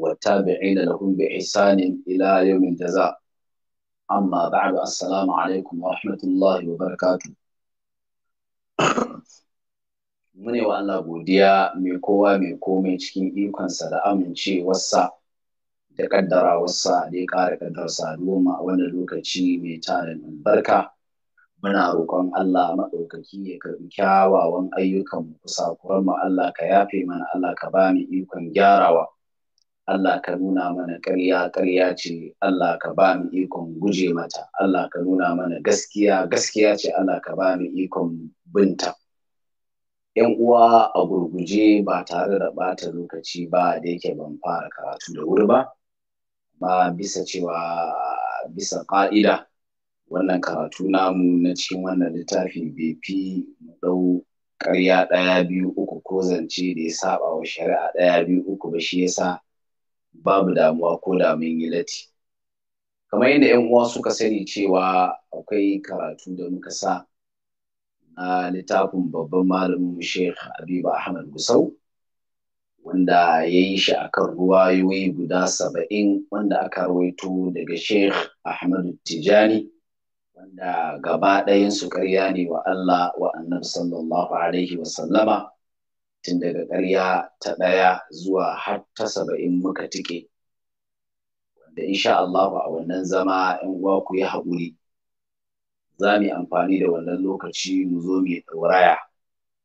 والتابعين لهم بإحسان إلى يوم الجزاء أما بعد السلام عليكم ورحمة الله وبركاته mune wa Allah godiya mai kowa mai komai cikin ikonsa da amincewarsa da kaddarawarsa da ya ƙara kaddarsa noma wani lokaci mai tarin albarka muna roƙon Allah maɗaukaki ya karɓi kyawawan ayyukan kusa kuran mu Allah ka yafe mana Allah ka ba mu ikon gyarawa Allah ka nuna mana ƙarya ƙarya ce Allah ka ba mu ikon guje mata Allah ka nuna mana gaskiya gaskiya ce Allah ka ba mu ikon binta yan uwa a gurguje ba tare da ɓata lokaci ba da yake ban fara karatu da wuri ba ba bisa cewa bisa ƙa'ida wannan karatu namu na cikin wannan littafi bai fi mu ɗau ƙarya ɗaya biyu uku ko zance da ya saba wa shari'a ɗaya biyu uku ba shi yasa babu damuwa ko da mun yi lati kamar yadda yan uwa suka sani cewa akwai karatu da muka sa na littafin babban malamin mu Sheikh Habiba Ahmad Gusau wanda ya yi shi akan ruwayoyi guda saba'in wanda aka rawaito daga Sheikh Ahmad Tijani wanda gaba ɗayan su ƙarya ne wa Allah wa annabi sallallahu alaihi wa sallama tun daga ƙarya ta ɗaya zuwa har ta saba'in muka tike wanda insha Allah a wannan zama ‘yan uwa ku yi haƙuri za mu yi amfani da wannan lokaci mu zo mu yi ɗauraya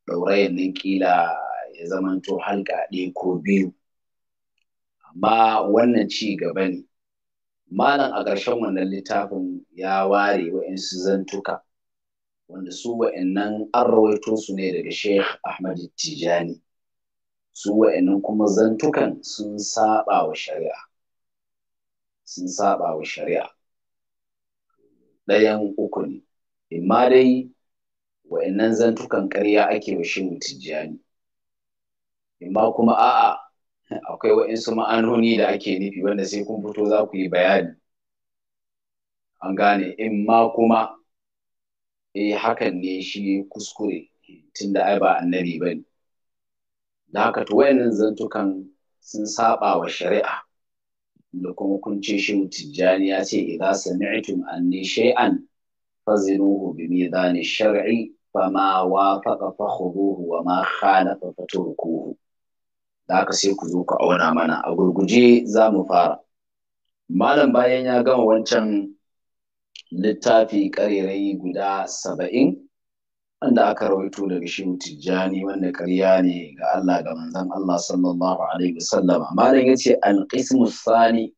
ɗaurayan nan ƙila ya zamanto halka ɗaya ko biyu amma wannan ci gaba ne malam a ƙarshen wannan littafin ya ware wa'insu zantuka wanda su wa'annan an rawaito su ne daga Sheikh Ahmad Tijani su wa'annan kuma zantukan sun saba wa shari'a sun saba wa shari'a ɗayan uku ne imma dai wa'annan zantukan ƙarya ake wa Sheikh Tijani imma kuma a'a akwai wa'insu ma'anoni da ake nufi wanda sai kun fito za ku yi bayani an gane imma kuma eh hakan ne shi kuskure Tun da ai ba annabi ba ne da haka to wayannan zantukan sun saɓa wa shari'a da kuma kun ce shi tijjani ya ce idan sami'tum anni shay'an fazinuhu bi mizani shar'i ma wafaqa khuduhu wa ma khalafa turkuhu. da haka sai ku zo ku auna mana a gurguje za mu fara malam bayan ya gama wancan littafi ƙarerayi guda saba'in wanda aka rawaito daga shi tijjani wanda ƙarya ne ga Allah ga manzon Allah sallallahu alaihi wasallam malam yace al-qismu Sani,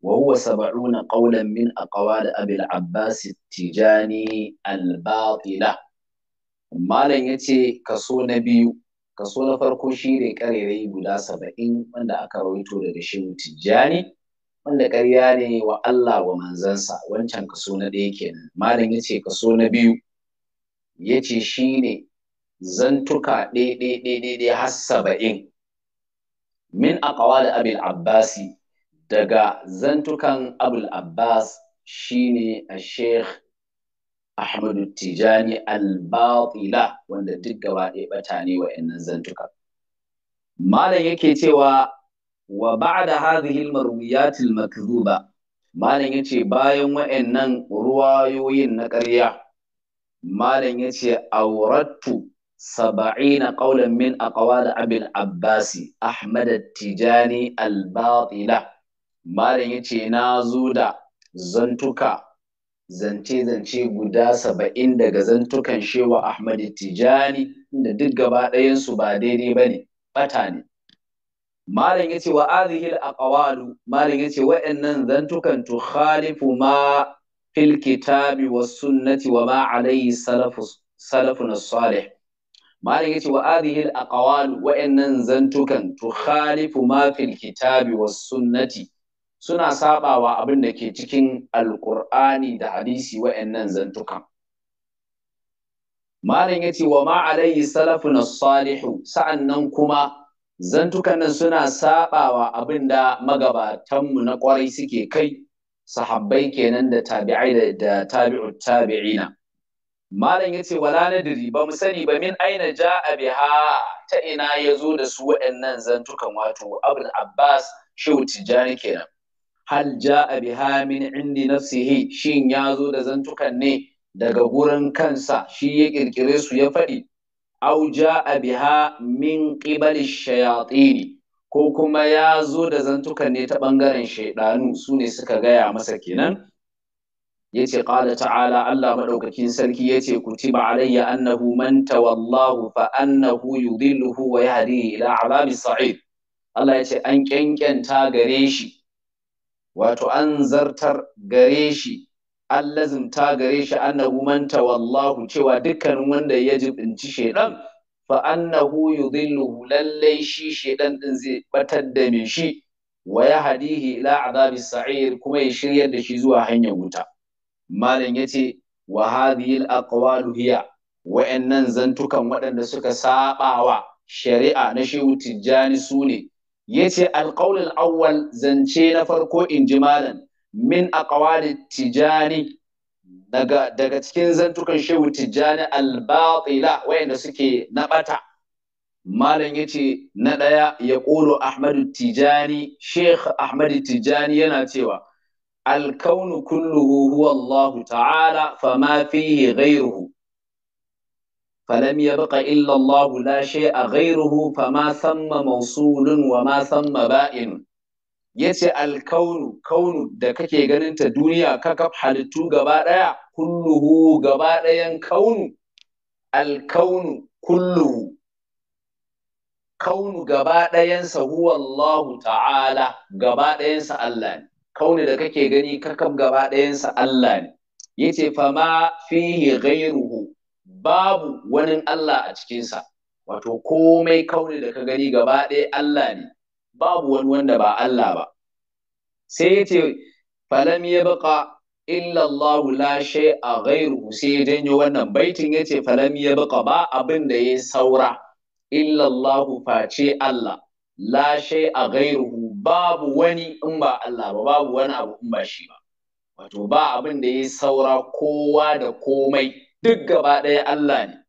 wa huwa sab'una qawlan min aqwal abi al-abbas tijjani al-batila malam yace kaso na biyu kaso na farko shi ne ƙarerayi guda saba'in wanda aka rawaito daga shi tijjani wanda ƙarya ne wa Allah wa manzansa wancan kaso na ɗaya kenan malam ya ce kaso na biyu ya ce shi ne zantuka ɗaiɗaiɗaiɗaiɗai har saba'in min aqwal abul abbasi daga zantukan abul abbas ne a sheikh ahmadu tijani al-batila wanda duk gaba ɗaya ɓata ne wa'annan zantukan malam yake cewa wa ba'da hadhihi al-marwiyat al-makdhuba malam yace bayan wa'annan ruwayoyin na ƙarya malam yace aurattu 70 qawlan min aqwal abin abbasi ahmad at-tijani al-batila malam yace na zo da zantuka zance-zance guda saba'in daga zantukan shewa Ahmad Tijani inda duk gaba su ba daidai bane ne, ne. malam yace wa azihil al-aqwalu malam yace wa'annan zantukan tu khalifu ma fil kitabi was sunnati wa ma alayhi salafus salafun salih malam yace wa azihil al-aqwalu wa'annan zantukan tu khalifu ma fil kitabi was sunnati suna sabawa abin da ke cikin alqur'ani da hadisi wa'annan zantukan malam yace wa ma alayhi salafun salihu sa'annan kuma zantukan suna sabawa abin da magabatanmu na kwarai suke kai sahabbai kenan da tabi'ai da tabi'u tabi'ina malam yace wala nadri ba mu sani ba min aina ja'a biha ta ina yazo da su waɗannan zantukan wato abul abbas shehu tijani kenan hal ja'a biha min indi nafsihi shin yazo da zantukan ne daga gurin kansa shi ya kirkire su ya faɗi Auja ja'a biha min qibal shayatini ko kuma ya zo da zantukan ne ta ɓangaren shaiɗanu? su ne suka gaya masa kenan Ya yace ƙala ta'ala Allah maɗaukakin sarki ya ce yace kutiba alayya annahu man tawallahu fa annahu yudilluhu wa yahdihi ila azabi sa'id Allah ce an ƙyanƙyanta gare shi wato an zartar gare shi an ta gare shi annahu manta wallahu, cewa dukkanin wanda ya jibinci shaidan fa annahu yudhilluhu lallai shi shaidan din zai batar da me shi wa ya hadihi ila azabi sa'ir kuma ya shiryar da shi zuwa hanyar wuta malam yace wa hadhihi al hiya wa'annan zantukan waɗanda suka sabawa shari'a na shehu tijjani sune yace al qawl al awwal zance na farko in ji malam min aqwali tijani daga daga cikin zantukan shehu tijani al-batila wayanda suke na bata malam yace na ɗaya ya qulu Ahmadu tijani sheikh Ahmadu tijani yana cewa al kulluhu huwa Allah ta'ala fama fihi ghayruhu فلم يبق إلا الله لا شيء غيره فما ثم موصول وما ثم بائن ya ce alkaunu kaunu da kake ganin ta duniya kakaf halittu gaba ɗaya kulluhu gaba ɗayan kaunu alkaunu kulluhu kaunu gaba ɗayansa huwa ta'ala gaba ɗayansa Allah ne kaunu da kake gani kakaf gaba ɗayansa Allah ne Ya yace fama fihi ghairuhu babu wani Allah a cikinsa wato komai kaunu da ka gani gaba ɗaya Allah ne babu wani wanda ba Allah ba sai ya ce falam ya baka illallahu la shay a sai ya janyo wannan baitin ya ce falam ya baka ba abin da ya saura illallahu face Allah la shay a babu wani in ba Allah ba babu wani abu in ba shi ba wato ba abin da ya saura kowa da komai duk gaba ɗaya Allah ne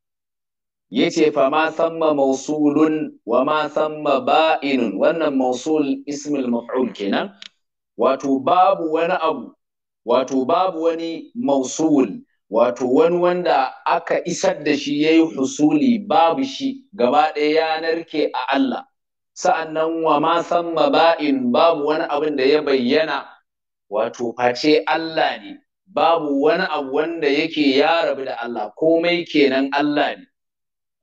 Ya ce fa ma ma mausulun wa ma ma ba'inun wannan mausul ismul maf'ul kenan wato babu wani abu wato babu wani mausul? wato wani wanda aka isar da shi yayi husuli babu shi gaba ɗaya ya narke a Allah sa'annan wa ma ma ba'in babu wani abin da ya bayyana wato face Allah ne babu wani abu wanda yake ya rabu da Allah komai kenan Allah ne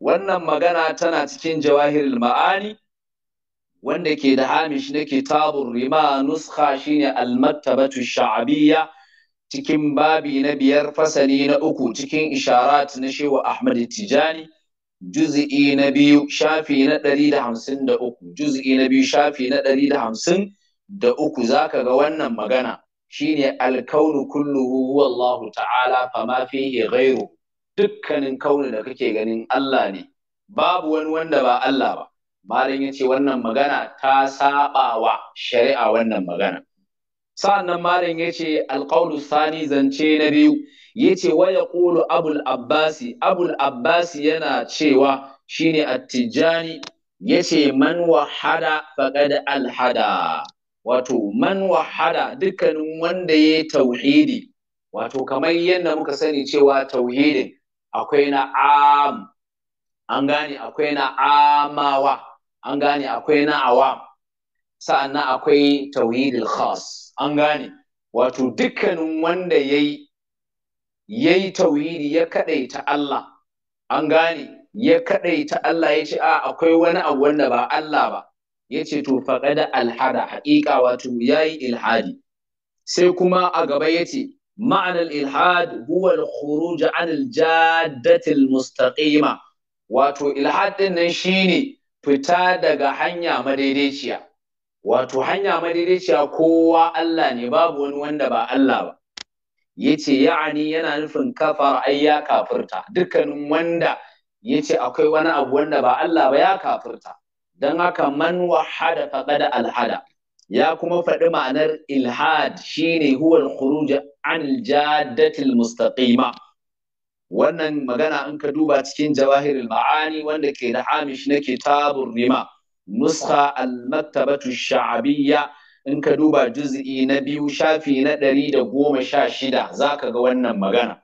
wannan magana tana cikin jawahirul ma'ani wanda ke da hamish na kitabun rima nuskha shine al-maktabatu sha'abiyya cikin babi na biyar fasali na uku cikin isharat na Shehu Ahmad Tijani juz'i na biyu shafi na ɗari da hamsin da uku juz'i na biyu shafi na ɗari da hamsin da uku zaka ga wannan magana shine alkaunu kulluhu huwa Allah ta'ala fama fihi ghairu dukkanin kauna da kake ganin Allah ne babu wani wanda ba Allah ba malam yace wannan magana ta wa shari'a wannan magana nan malam yace alqaulu sani zance na biyu yace wa yaqulu abul abbasi abul abbasi yana cewa shine attijani. Ya yace man wahada faqad alhada wato man wahada dukkanin wanda ya tauhidi wato kamar yadda muka sani cewa tauhidin akwai na am an gane akwai na amawa an gane akwai na awam sa'annan akwai tauhidul khas an gane wato dukkanin wanda yayi yayi tauhidi ya kadaita Allah an gane ya kadaita Allah ya ce a akwai wani abu wanda ba Allah ba yace to faqada alhada haqiqa wato yayi ilhadi sai kuma a gaba yace معنى ilhad huwal الخروج عن الجادة Wato ilhad ɗin nan shine fita daga hanya madaidaiciya wato hanya madaidaiciya kowa Allah ne babu wani wanda ba Allah ba yace ya'ani yana nufin kafa ai ya kafurta dukkanin wanda yace akwai wani abu wanda ba Allah ba ya kafurta? dan haka man wahada da alhada ya kuma faɗi ma'anar ilhad shine huwal khuruj an jaddatil mustaqima wannan magana in ka duba cikin jawahirul ma'ani wanda ke da hamish na kitabur rima nuskha al-maktabatu sha'abiyya in ka duba juz'i na biyu shafi na ɗari da goma sha shida za ka ga wannan magana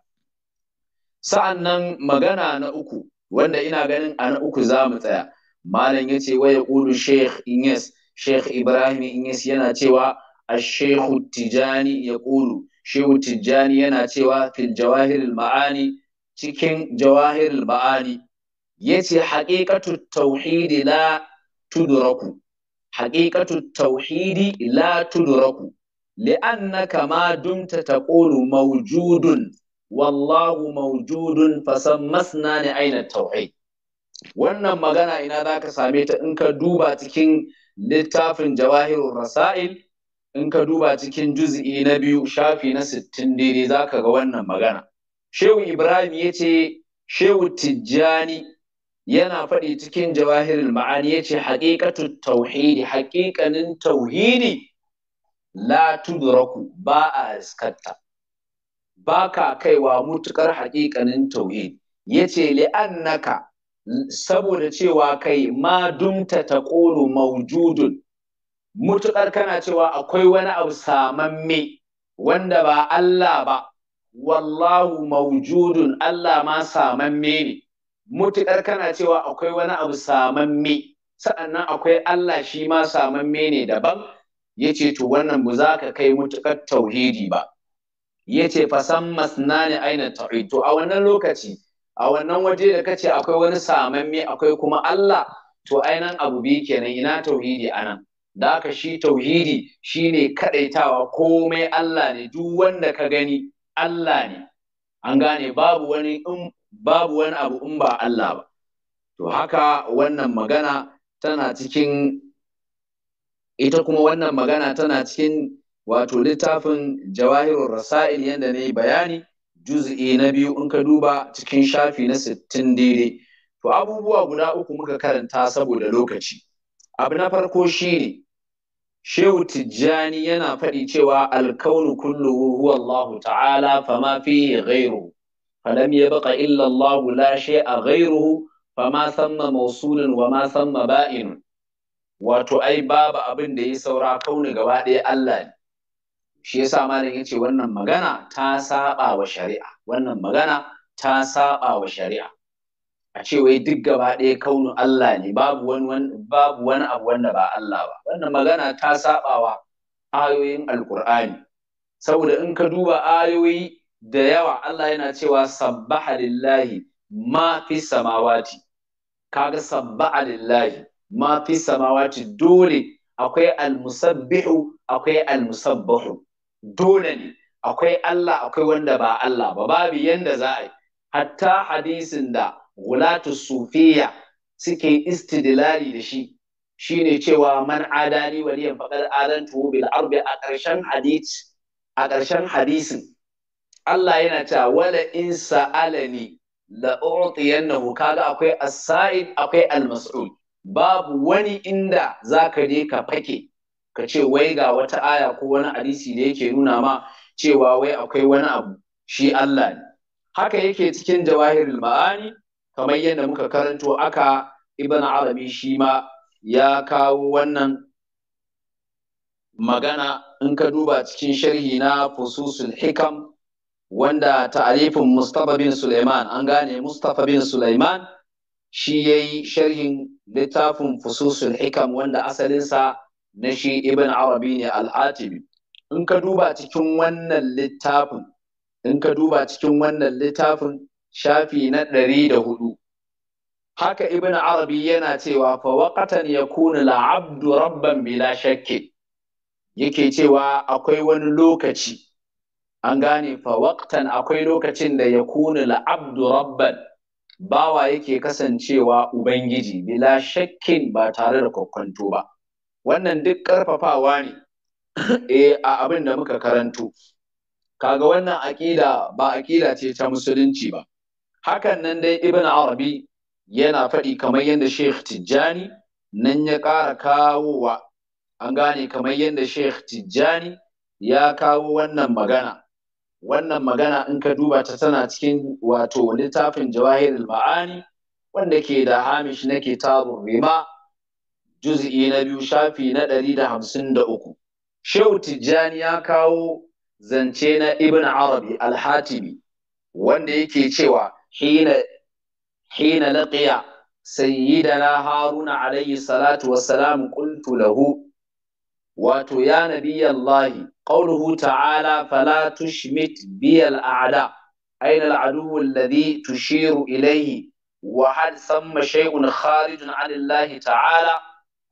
Sa'an nan, magana na uku wanda ina ganin a na uku za mu tsaya malam ya ce waya ƙulu sheikh inyes Sheikh Ibrahim Inyas yana cewa Al-Sheikh Tijani ya ƙulu, Shehu Tijani yana cewa fil jawahir ma'ani cikin jawahir ma'ani yace haqiqatu tauhidi la tudraku haqiqatu tauhidi la tudraku li'annaka ma dumta taqulu mawjudun wallahu fasan fasammasna ne aina tauhid wannan magana ina zaka same ta in ka duba cikin littafin jawahirun rasail in ka duba cikin juz'i na biyu shafi na sittin daidai za ka ga wannan magana shehu ibrahim ya ce shehu tijjani yana faɗi cikin jawahirul ma'ani ya ce haƙiƙatu tauhidi haƙiƙanin tauhidi la tudraku ba a iskatta ba ka kaiwa mutuƙar haƙiƙanin tauhidi ya ce li'annaka saboda cewa kai ma dumta ta ƙoru maujudun mutuƙar kana cewa akwai wani abu samamme wanda ba Allah ba wallahu maujudun Allah ma samamme ne mutuƙar kana cewa akwai wani abu samamme sa'annan akwai Allah shi ma samamme ne daban yace to wannan ba za ka kai mutuƙar tauhidi ba yace fasan masnani aina ta'id to a wannan lokaci a wannan waje da kace akwai wani samamme akwai kuma Allah to ainihin abu biyu kenan ina tauhidi anan da ka shi tauhidi shine kadaitawa komai Allah ne duk wanda ka gani Allah ne an gane babu wani in babu wani abu in ba Allah ba to haka wannan magana tana cikin ita kuma wannan magana tana cikin wato littafin jawahirur rasail yadda ne bayani juz'i na biyu in ka duba cikin shafi na sittin daidai to abubuwa guda uku muka karanta saboda lokaci abu na farko shi ne. shehu tijjani yana faɗi cewa alkaunu kulluhu huwa Allah ta'ala fama fihi ghairu falam yabqa illa Allah la shay'a ghairuhu ma samma mawsulun wa ma samma ba'in wato ai babu abin da ya saura kauni gaba ɗaya Allah ne shi yasa malam ce wannan magana ta saba wa shari'a wannan magana ta saba wa shari'a a ce wai duk gaba ɗaya kaunu Allah ne babu wani babu wani abu wanda ba Allah ba wannan magana ta saba wa ayoyin alkur'ani saboda in ka duba ayoyi da yawa Allah yana cewa sabbaha lillahi ma fi samawati kaga sabbaha lillahi ma fi samawati dole akwai al-musabbihu akwai al-musabbahu dole ne akwai Allah akwai wanda ba Allah ba babu yanda za a yi hatta hadisin da gulatu sufiya suke istidlali da shi shine cewa man adani faɗar adan adantu bil arbi a ƙarshen hadisi a ƙarshen hadisin Allah yana cewa wala in sa'alani la u'tiyannahu kaga akwai as-sa'id akwai al-mas'ul babu wani inda zaka je ka fake ka ce wai ga wata aya ko wani hadisi da yake nuna ma cewa wai akwai wani abu shi Allah ne haka yake cikin jawahirul ma'ani kamar yadda muka karanto aka ibn arabi shi ma ya kawo wannan magana in ka duba cikin sharhi na fususul hikam wanda ta'alifin Mustapha bin Sulaiman an gane Mustapha bin Sulaiman shi yayi sharhin littafin fususul hikam wanda asalinsa na shi ibn arabi ne al'atibi in ka duba cikin wannan littafin in ka duba cikin wannan littafin shafi na ɗari da hudu haka ibn arabi yana cewa fa waqatan yakunu la'abdu rabban bila shakki yake cewa akwai wani lokaci an gane fa waqtan akwai lokacin da yakunu la'abdu rabban bawa yake kasancewa ubangiji bila shakkin ba tare da kwakwanto ba wannan duk ƙarfafawa ne eh a abin da muka karanto kaga wannan aƙida ba aƙida ce ta musulunci ba hakan nan dai ibn arabi yana faɗi kamar yadda sheikh tijjani nan ya ƙara kawowa an gane kamar yadda sheikh tijjani ya kawo wannan magana wannan magana in ka duba ta tana cikin wato littafin jawahirul ma'ani wanda ke da hamish nake kitabun rima juz'i na biyu shafi na ɗari da hamsin da uku. Shehu Tijjani ya kawo zance na Ibn Arabi al-Hatibi wanda yake cewa hina hina laqiya sayyidana Haruna alayhi salatu wassalam qultu lahu wato ya nabiyallahi qawluhu ta'ala fala tushmit biyal a'da أين العدو الذي تشير إليه وهل ثم شيء خارج عن الله تعالى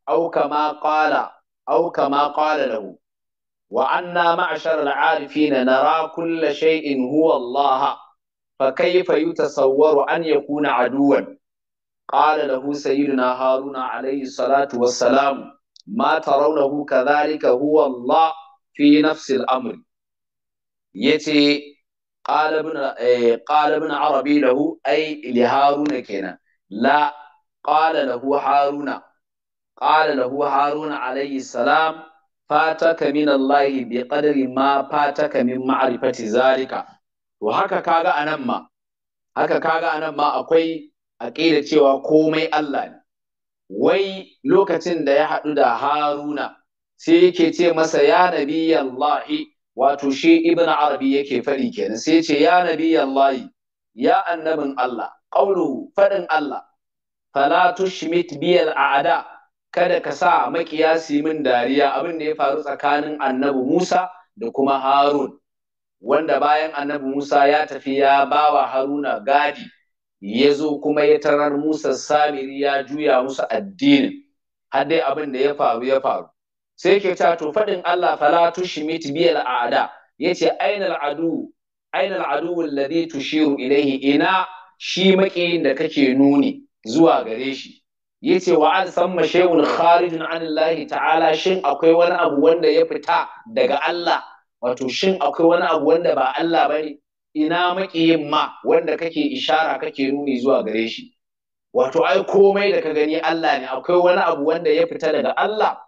أو كما قال أو كما قال له وأنا معشر العارفين نرى كل شيء هو الله فكيف يتصور أن يكون عدوا قال له سيدنا هارون عليه الصلاة والسلام ما ترونه كذلك هو الله في نفس الأمر يتي قال ابن إيه، قال ابن عربي له أي لهارون كنا لا قال له هارون qala lahu harun alayhi salam fataka min Allah bi qadri ma fataka min ma'rifati zalika to haka kaga anan ma haka kaga anan ma akwai aqida cewa komai Allah ne wai lokacin da ya haɗu da haruna sai yake ce masa ya nabi Allahi wato shi ibn arabi yake faɗi kenan sai ce ya nabi Allahi ya annabin Allah ƙauluhu faɗin Allah Falatu tushmit biyal a'ada kada ka sa makiya su min dariya abin da ya faru tsakanin annabi Musa da kuma Harun wanda bayan annabi Musa ya tafi ya bawa Haruna gadi ya zo kuma ya tarar Musa Samiri ya juya musu addinin har dai abin da ya faru ya faru sai ke ta to faɗin Allah fala tushmit biyal a'da yace ainal adu ainal adu alladhi tushiru ilayhi ina shi makiyin da kake nuni zuwa gare shi yace wa an samma shay'un kharijun an Allah ta'ala shin akwai wani abu wanda ya fita daga Allah wato shin akwai wani abu wanda ba Allah bane ina makiyin ma wanda kake ishara kake nuni zuwa gare shi wato ai komai da ka gani Allah ne akwai wani abu wanda ya fita daga Allah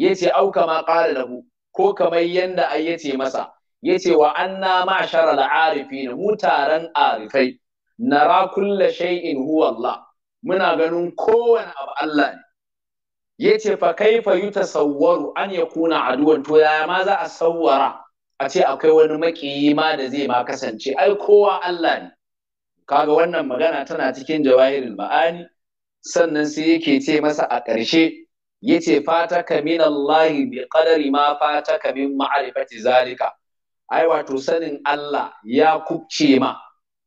yace au kama qala lahu ko kamar yanda ai yace masa yace wa anna ma'shara al-arifin mu arifai nara kulla shay'in huwa Allah muna ganin kowane abu Allah ne Ya ce fa yi ta sauwaru an ya kuna aduwan to yaya ma za a sauwara a ce akwai wani makiyi ma da zai ma kasance ai kowa Allah ne kaga wannan magana tana cikin jawahirin, ma'ani sannan sai yake ce masa a ƙarshe Ya ce fataka min Allah bi qadari ma fataka min ma'rifati zalika ai wato sanin Allah ya kubce ma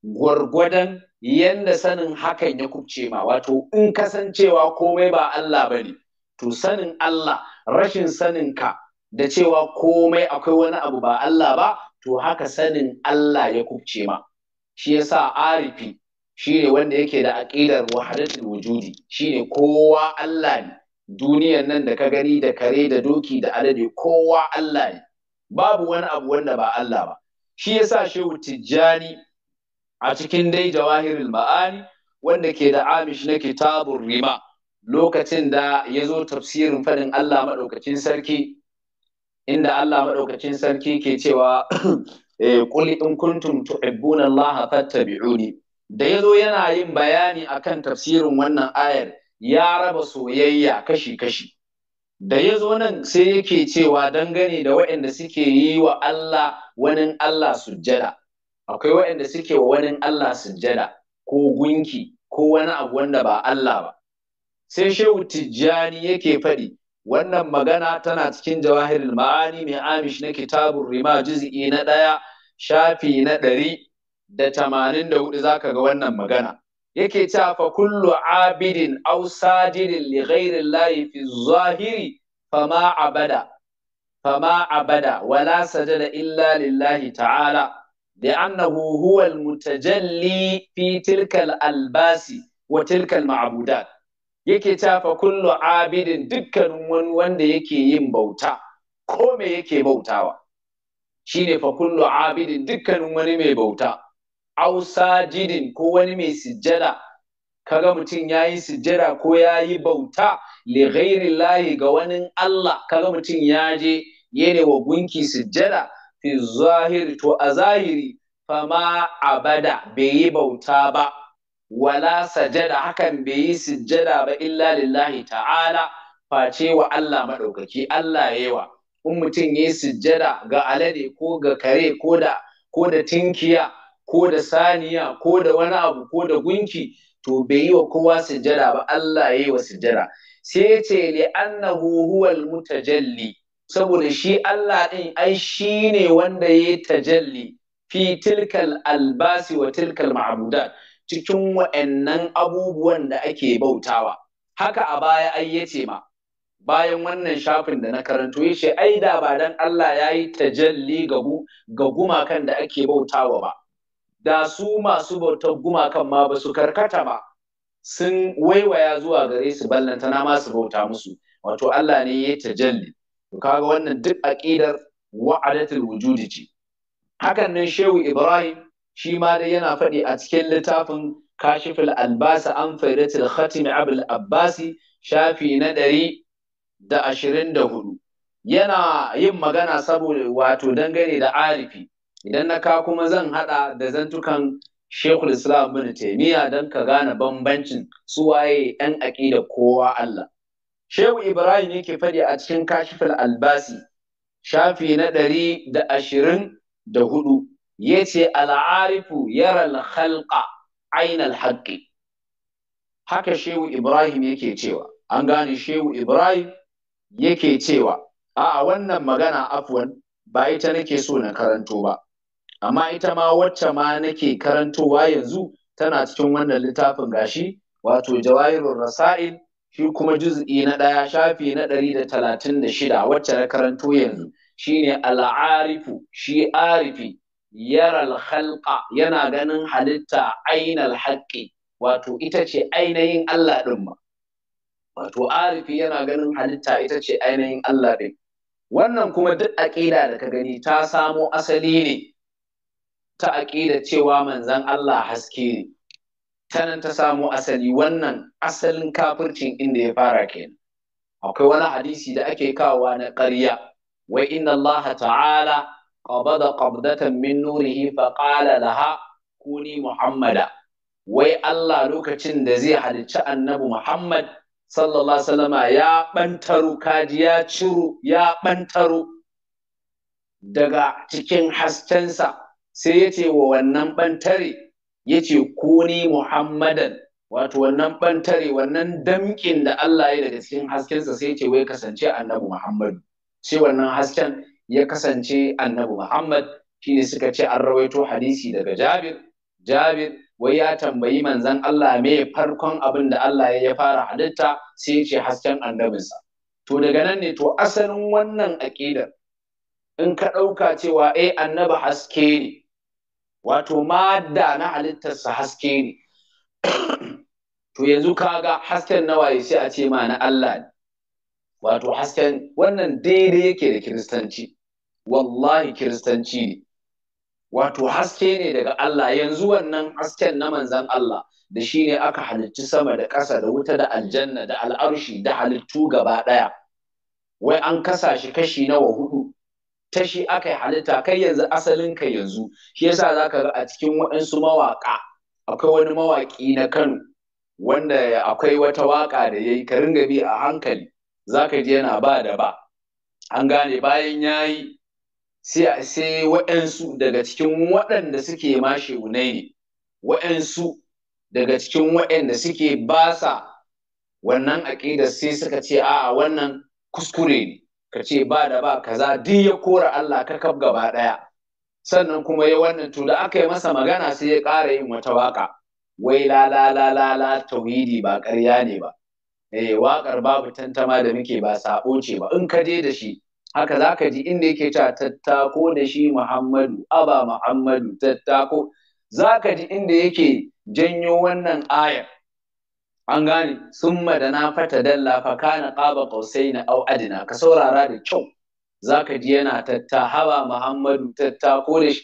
gwargwadon yanda sanin hakan ya kubce ma wato in kasancewa komai ba Allah ba ne, to sanin Allah rashin sanin ka da cewa komai akwai wani abu ba Allah ba to haka sanin Allah ya kubce ma shi yasa arifi ne wanda yake da aqidar wahdatul wujudi ne kowa Allah ne duniyan nan da ka gani da kare da doki da alade kowa Allah ne babu wani abu wanda ba Allah ba shi yasa shehu tijjani a cikin dai jawahirul ma'ani wanda ke da amish na kitabun rima lokacin da ya zo tafsirin faɗin Allah maɗaukacin sarki inda Allah maɗaukacin sarki ke cewa eh, qul in kuntum tuhibbuna Allah fattabi'uni da yazo yana yin bayani akan tafsirin wannan ayar ya raba soyayya kashi-kashi da yazo nan sai yake cewa dangane da waɗanda suke yi wa Allah wani Allah sujjada akwai waɗanda suke wa wani Allah sujjada ko gunki ko wani abu wanda ba Allah ba sai shehu tijjani yake faɗi wannan magana tana cikin jawahirin, ma'ani mai amish na kitabun rima juz'i na ɗaya shafi na ɗari da tamanin da hudu zaka ga wannan magana yake cewa fa kullu abidin aw sajidin li ghairi fi zahiri fama abada fama abada wala sajada illa lillahi ta'ala لأنه هو المتجلي في تلك الألباس وتلك المعبودات yake tafa kullu abidin dukkanin wani wanda yake yin bauta ko me yake bautawa shine fa kullu abidin dukkanin wani mai bauta aw sajidin ko wani mai sujjada kaga mutum yayi sujjada ko yayi bauta li ghairi ga wani Allah kaga mutum ya je yene wa gunki sujjada fi zahiri to a zahiri fama abada bai yi bauta ba wala sajada hakan bai yi sujjada ba illa lillahi ta'ala face wa Allah maɗaukaki Allah yawa in mutum yi sujjada ga alade ko ga kare ko da ko da tinkiya ko da saniya ko da wani abu ko da gunki to bai yi wa kowa sujjada ba Allah yayi wa sujjada sai ce li annahu huwal mutajalli saboda shi Allah ɗin ai shi ne wanda ya tajalli fi tilkal albasi wa tilkal ma'abuda cikin wa'annan abubuwan da ake bautawa haka a baya ai yace ma bayan wannan shafin da na karanto ya ce ai da ba dan Allah ya yi tajalli ga gumakan da ake bautawa ba da su masu bautar gumakan ma ba su karkata ba sun waiwaya zuwa gare su ballantana ma su bauta musu wato Allah ne ya tajalli kaga wannan duk aqidar wa'adatul wujudi ce hakan nan shehu ibrahim shi ma dai yana faɗi a cikin littafin kashiful albasa an faidatul khatim abul abbasi shafi na ɗari da ashirin da hudu yana yin magana saboda wato dangane da arifi idan na ka kuma zan haɗa da zantukan shekul islam bin taimiyya don ka gane bambancin su waye yan aƙidar kowa allah shehu ibrahim yake faɗi a cikin kashifin albasi shafi na ɗari da ashirin da hudu ya ce al'arifu yara al-khalqa ainal haƙƙi haka shehu ibrahim yake cewa an gane shehu ibrahim yake cewa a wannan magana afwan ba ita nake so na karanto ba amma ita ma wacce ma nake karantowa yanzu tana cikin wannan littafin gashi wato jawahirul rasail shi kuma juz'i na ɗaya shafi na ɗari da talatin da shida wacce na karanto yanzu shine al'arifu shi arifi yara yana ganin halitta ainal haƙƙi wato ita ce ainihin Allah ɗin ba. wato arifi yana ganin halitta ita ce ainihin Allah ɗin wannan kuma duk aƙida da ka gani ta samo asali ne ta aƙida cewa manzan Allah haske ne tanan ta samu asali wannan asalin kafircin inda ya fara kenan akwai wani hadisi da ake kawowa na ƙarya Wai inna Allah ta'ala qabada qabdatan min nurihi fa qala laha kuni muhammada wai Allah lokacin da zai halicci annabi Muhammad sallallahu alaihi wasallama ya ɓantaru kaji ya ciro ya ɓantaru daga cikin haskensa sai ya ce wa wannan ɓantare. ya ce kuni muhammadan wato wannan bantare wannan damkin da Allah ya daga cikin haskensa sai ce wai kasance annabi muhammadu sai wannan hasken ya kasance annabi muhammad Shi ne suka ce an rawaito hadisi daga jabir jabir wai ya tambayi manzan Allah me farkon abin da Allah ya fara halitta sai ce hasken annabinsa to daga nan ne to asalin wannan aƙidar in ka ɗauka cewa eh annabi haske ne wato madda na halittarsa haske ne to yanzu kaga hasken nawaye sai a ce ma na Allah ne wato hasken wannan daidai yake da kiristanci wallahi kiristanci ne wato haske ne daga Allah yanzu wannan hasken na manzan Allah da shi ne aka halicci sama da ƙasa da wuta da aljanna da al'arshi da halittu gaba ɗaya wai an kasa shi kashi nawa hudu ta shi aka yi halitta kai yanzu asalin ka yanzu shi yasa zaka ga a cikin waɗansu mawaƙa akwai wani mawaƙi na Kano wanda akwai wata waƙa da ya yi ka ringa bi a hankali za ka ji yana ba da ba an gane bayan yayi sai sai waɗansu daga cikin waɗanda suke mashe gunai ne waɗansu daga cikin waɗanda suke basa wannan aƙidar sai suka ce a'a wannan kuskure ne ka ce ba da ba kaza duk ya kora Allah ka kaf gaba ɗaya sannan kuma ya wannan to da aka yi masa magana sai ya ƙara yin wata waƙa wai la la la la la tauhidi ba ƙarya ne ba eh waƙar babu tantama da muke ba sabo ce ba in ka je da shi haka za ka ji inda yake ta tattako da shi Muhammadu aba Muhammadu tattako Za ka ji inda yake janyo wannan ayar an gane sun na fata dalla fa kana ƙausai na au adina ka saurara da kyau za ka ji yana tatta hawa muhammadu tatta ko shi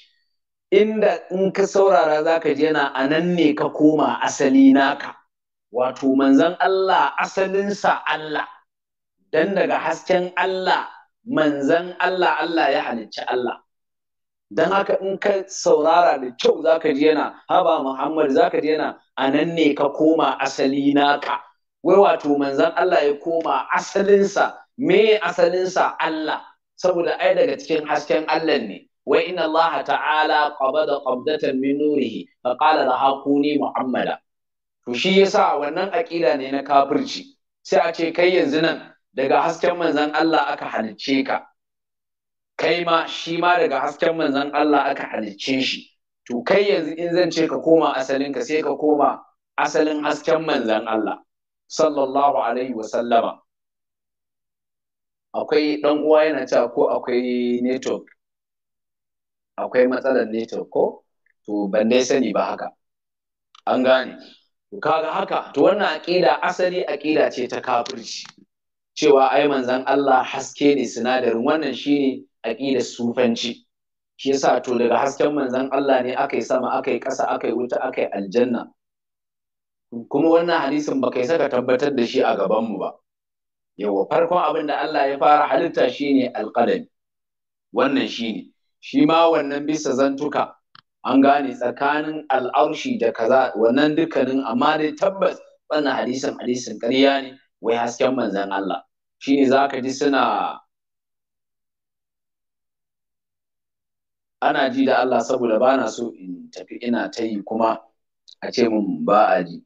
inda in ka saurara za ka ji yana a nan ne ka koma asali naka wato manzon Allah asalinsa Allah dan daga hasken Allah manzan Allah Allah ya halicci Allah dan haka in ka saurara da kyau za ka ji yana haba Muhammad za zaka ji a nan ne ka koma asali naka wai wato manzan Allah ya koma asalinsa me asalinsa Allah saboda ai daga cikin hasken Allah ne wai inna Allah ta'ala qabada qabdatan min nurihi fa qala la kuni muhammada to shi yasa wannan aƙila ne na kafirci sai a ce kai yanzu nan daga hasken manzan Allah aka halicce ka kai ma shi ma daga hasken manzon Allah aka halicce shi to kai yanzu in zan ce ka koma asalin ka sai ka koma asalin hasken manzon Allah sallallahu alaihi wa sallama akwai dan uwa yana cewa ko akwai network akwai matsalar network ko to ban dai sani ba haka an gane kaga haka to wannan aƙida asali aƙida ce ta kafirci cewa ai manzon Allah haske ne sinadarin wannan shine aƙidar sufanci shi yasa to daga hasken manzon Allah ne aka sama aka yi ƙasa aka wuta aka aljanna kuma wannan hadisin ba kai saka tabbatar da shi a gabanmu ba yawa farkon abin da Allah ya fara halitta shine alƙalami wannan shine shi ma wannan bisa zantuka an gane tsakanin al'arshi da kaza wannan dukkanin amma dai tabbas wannan hadisin hadisin ƙarya ne wai hasken manzon Allah shine zaka ji suna ana ji da Allah saboda ba na so in tafi ina ta yi kuma a ce mun ba a ji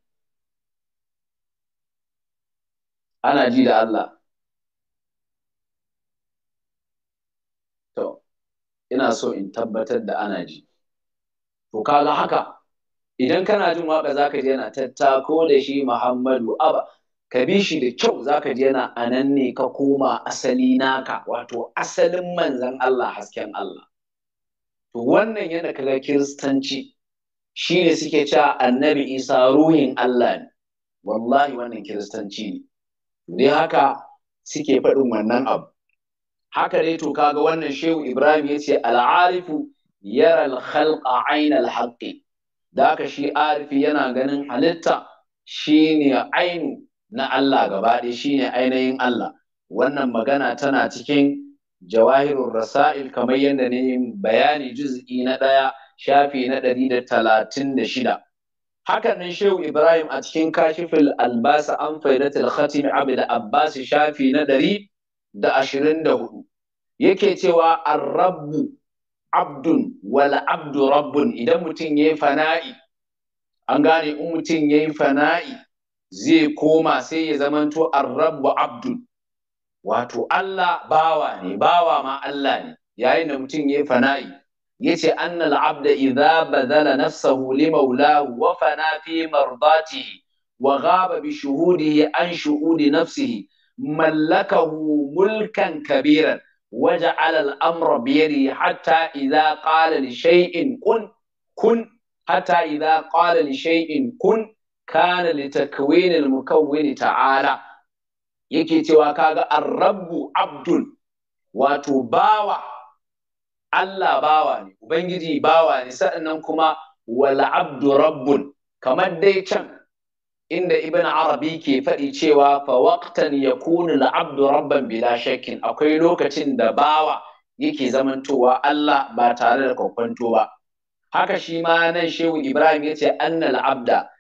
ana ji da Allah to ina so in tabbatar da ana ji to kaga haka idan kana jin waka ka ji yana tattako da shi Muhammadu Aba ka bi shi da kyau zaka ji yana anan ne ka koma asali naka wato asalin manzan Allah hasken Allah to wannan yana kaga kiristanci shi ne suke cewa annabi isa ruhin Allah ne wallahi wannan kiristanci ne dai haka suke faɗin wannan abu haka dai to kaga wannan shehu ibrahim ya ce al'arifu yara al-khalqa aina al da haka shi arifi yana ganin halitta shine ainu na Allah gaba ɗaya shine ainihin Allah wannan magana tana cikin jawahirun rasail kamar yadda ne bayani juz'i na ɗaya shafi na ɗari da talatin da shida hakanan shehu ibrahim a cikin kashifin albasa an faidatul khatim abd abbas shafi na ɗari da ashirin da hudu yake cewa arrabbu abdun wal abdu rabbun idan mutum ya yi fana'i an gane in mutum ya yi fana'i zai koma sai ya zamanto arrabbu Abdul. wato Allah bawa ne bawa ma Allah ne yayin da mutum ya fana'i yace annal abda idza badala nafsahu li maulahu wa fana fi mardatihi wa ghaba bi shuhudihi an shuhudi nafsihi mallakahu mulkan kabiran وجعل الأمر بيده حتى kun? Kun? Hata كن كن حتى shai'in kun? Kana كن كان لتكوين المكون ta'ala. yake cewa kaga arrabbu abdul wato bawa Allah bawa ne ubangiji bawa ne sa'annan kuma wal abdu rabbun kamar dai can inda ibn arabi ke faɗi cewa fa waqtan yakunu al abdu rabban bila shakkin akwai lokacin da bawa yake zamantowa Allah ba tare da kwakwanto ba haka shi ma nan shehu ibrahim yace annal abda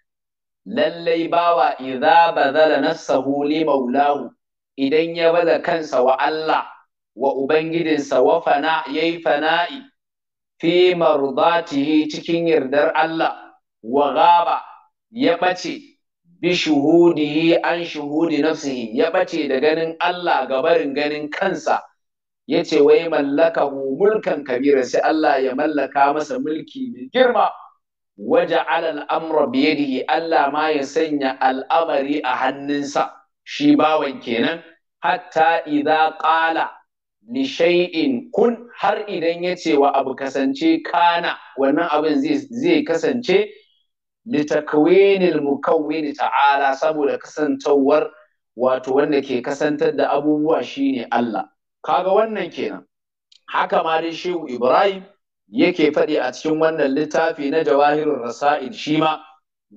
lallai bawa idza bazala nafsahu li maulahu idan ya bada kansa wa Allah wa ubangidinsa wa fana yayi fana'i fi mardatihi cikin yardar Allah wa ghaba ya bace bi shuhudihi an shuhudi nafsihi ya bace da ganin Allah ga barin ganin kansa yace wai mallakahu mulkan kabira sai Allah ya mallaka masa mulki mai girma alal al'amra biyadihi Allah ma ya sanya al'amari a hannunsa shi bawan kenan hatta idza ƙala ni shay'in kun har idan ya ce wa abu kasance kana wannan abin zai kasance li takwinil mukawwin ta'ala saboda kasantawar wato wanda ke kasantar da abubuwa shine Allah kaga wannan kenan haka ma dai shehu Ibrahim yake faɗi a cikin wannan littafi na jawahirin rasa'id shi ma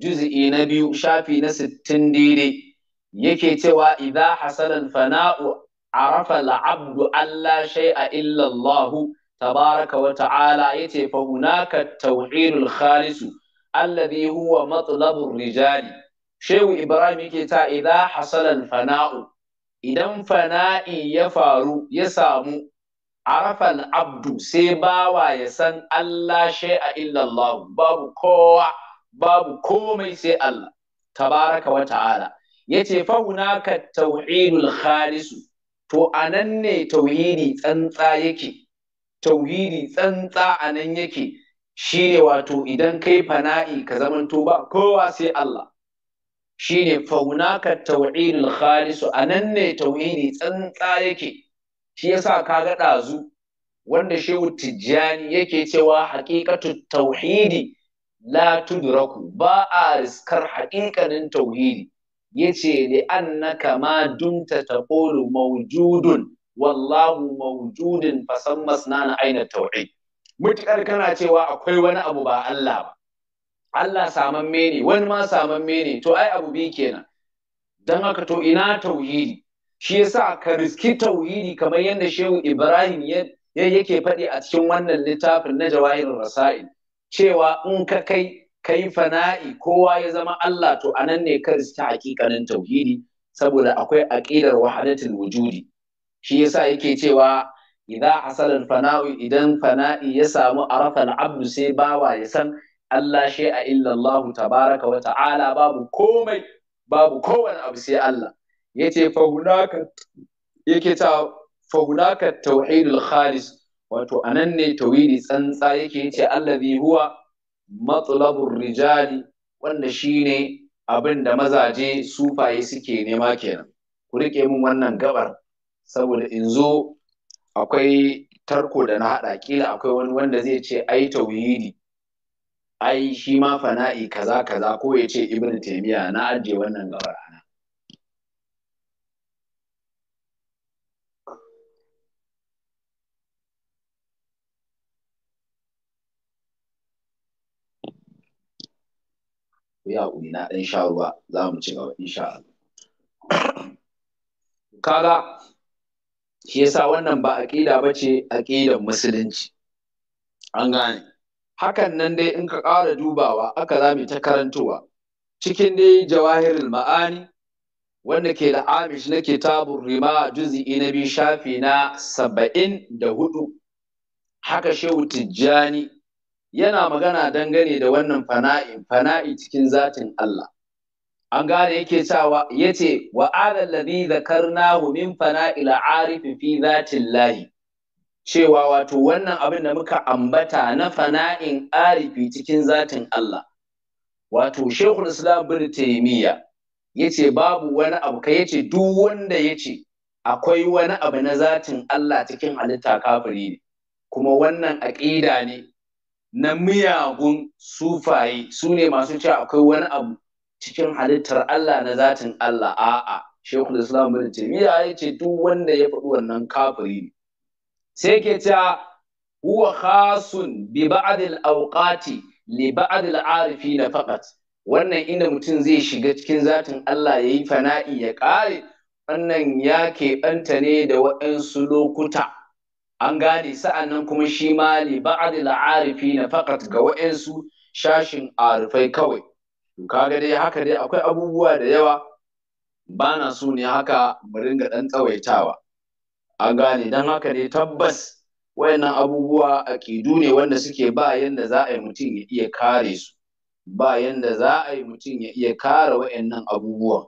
juz'i na biyu shafi na sittin daidai yake cewa idza hasanan fana'u arafa al'abdu Allah shay'a illa Allah tabaraka wa ta'ala yace fa hunaka tauhidul khalisu alladhi huwa matlabur rijali shehu ibrahim yake ta idza hasalan fana'u idan fana'i ya faru ya samu arafal abdu sai bawa ya san Allah a illallah babu kowa babu komai sai Allah tabaraka wa ta'ala yace fa hunaka tauhidul khalisu to anan ne tauhidi tsantsa yake tauhidi tsantsa nan yake ne wato idan kai fana'i ka zamanto ba kowa sai Allah shine fa hunaka tauhidul khalisu anan ne tauhidi tsantsa yake shi yasa ka ga ɗazu wanda shehu tijjani yake cewa haƙiƙatu tauhidi la tudraku ba a riskar haƙiƙanin tauhidi yace li annaka ma ta taqulu mawjudun wallahu mawjudun fasan na aina tauhid mutukar kana cewa akwai wani abu ba Allah ba Allah samamme ne wani ma samamme ne to ai abu bi kenan dan haka to ina tauhidi shi yasa ka riski tauhidi kamar yadda shehu ibrahim ya yake faɗi a cikin wannan littafin na jawahirin rasa'il cewa in ka kai kai fana'i kowa ya zama Allah to anan ne ka riski hakikanin tauhidi saboda akwai aƙidar wahadatul wujudi shi yasa yake cewa idan asalin Fana'i idan fana'i ya samu arafan abdu sai bawa ya san Allah shi a illallahu tabaraka wa ta'ala babu komai babu kowane abu sai Allah yace fa yake ta fa tauhidul khalis wato a nan ne tauhidi tsantsa yake yace allazi huwa matlabur rijali wanda shine abin da mazaje sufaye suke nema kenan ku rike mun wannan gabar saboda in zo akwai tarko da na haɗa kila akwai wani wanda zai ce ai tauhidi ai shi ma fana'i kaza kaza ko ya ce ibn taymiya na ajiye wannan gabar ku yi haƙuri na ɗan sha ruwa za mu ci gaba insha Allah kaga shi yasa wannan ba aƙida ba ce aƙidan musulunci an gane hakan nan dai in ka ƙara dubawa aka za mu ta karantowa cikin dai jawahirul ma'ani wanda ke da amish na kitabun rima juzi'i na biyu shafi na saba'in da hudu haka shehu tijjani yana magana dangane da wannan fana'i fana'i cikin zatin Allah an gane yake cewa yace wa alal ladhi zakarnahu min fana'il arif fi Allah cewa wato wannan abin da muka ambata na fana'in arifi cikin zatin Allah wato Sheikhul Islam bin Taymiyyah yace babu wani abu kai yace duk wanda yace akwai wani abu na zatin Allah cikin halitta kafiri ne kuma wannan aƙida ne na miyagun sufaye su ne masu cewa akwai wani abu cikin halittar Allah na zatin Allah a'a Sheikhul Islam bin Taymiyyah ya ce duk wanda ya faɗi wannan kafiri ne sai ke ta huwa khasun bi ba'd al-awqati li ba'd al-arifina faqat wannan inda mutum zai shiga cikin zatin Allah yayi fana'i ya ƙare wannan ya keɓanta ne da waɗansu lokuta an gane sa'annan kuma shi ma li da al na fakat ga wa'ansu shashin arifai kawai kaga dai haka dai akwai abubuwa da yawa ba na so ne haka mu ringa ɗan tsawaitawa an gane don haka dai tabbas wayannan abubuwa kidu ne wanda suke ba yanda za a yi mutum ya iya kare su ba yanda za a yi mutum ya iya kare wayannan abubuwan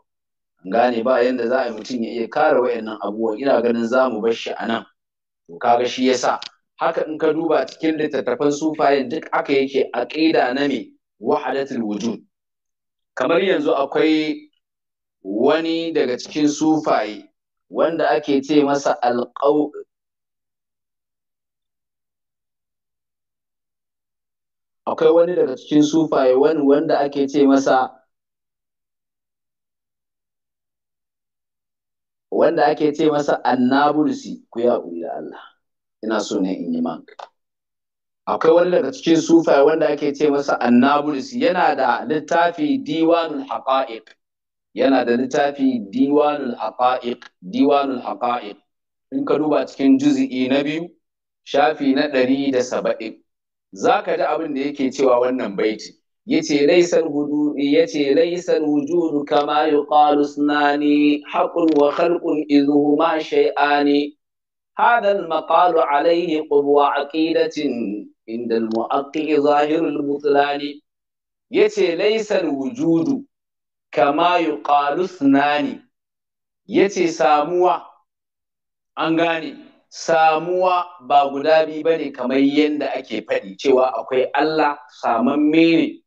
an gane ba yanda za a yi mutum ya iya kare wayannan abubuwan ina ganin za mu bar shi a nan kaga shi yasa haka in ka duba cikin littattafan sufayen duk aka yake aqida na me wahadatul wujud kamar yanzu akwai wani daga cikin sufaye wanda ake ce masa alqaw akwai wani daga cikin sufaye wani wanda ake ce masa wanda ake ce masa annabulusi ku ya ƙuri da Allah ina so ne in yi akwai wani daga cikin sufaye wanda ake ce masa annabulusi yana da littafi diwanul haqa'iq yana da littafi diwanul haqa'iq diwanul haqa'iq in ka duba cikin juz'i na biyu shafi na ɗari da saba'in za ka ji abin da yake cewa wannan baiti yace laisan hudu yace laisan wujudu kama yuqalu sunani haqqun wa khalqun ma shay'ani hadha al-maqalu alayhi qubwa aqidatin inda al-muaqqi zahir al-mutlani yace laisan wujudu kama yuqalu sunani yace samuwa an gane samuwa ba guda biyu bane kamar yanda ake faɗi cewa akwai Allah samamme ne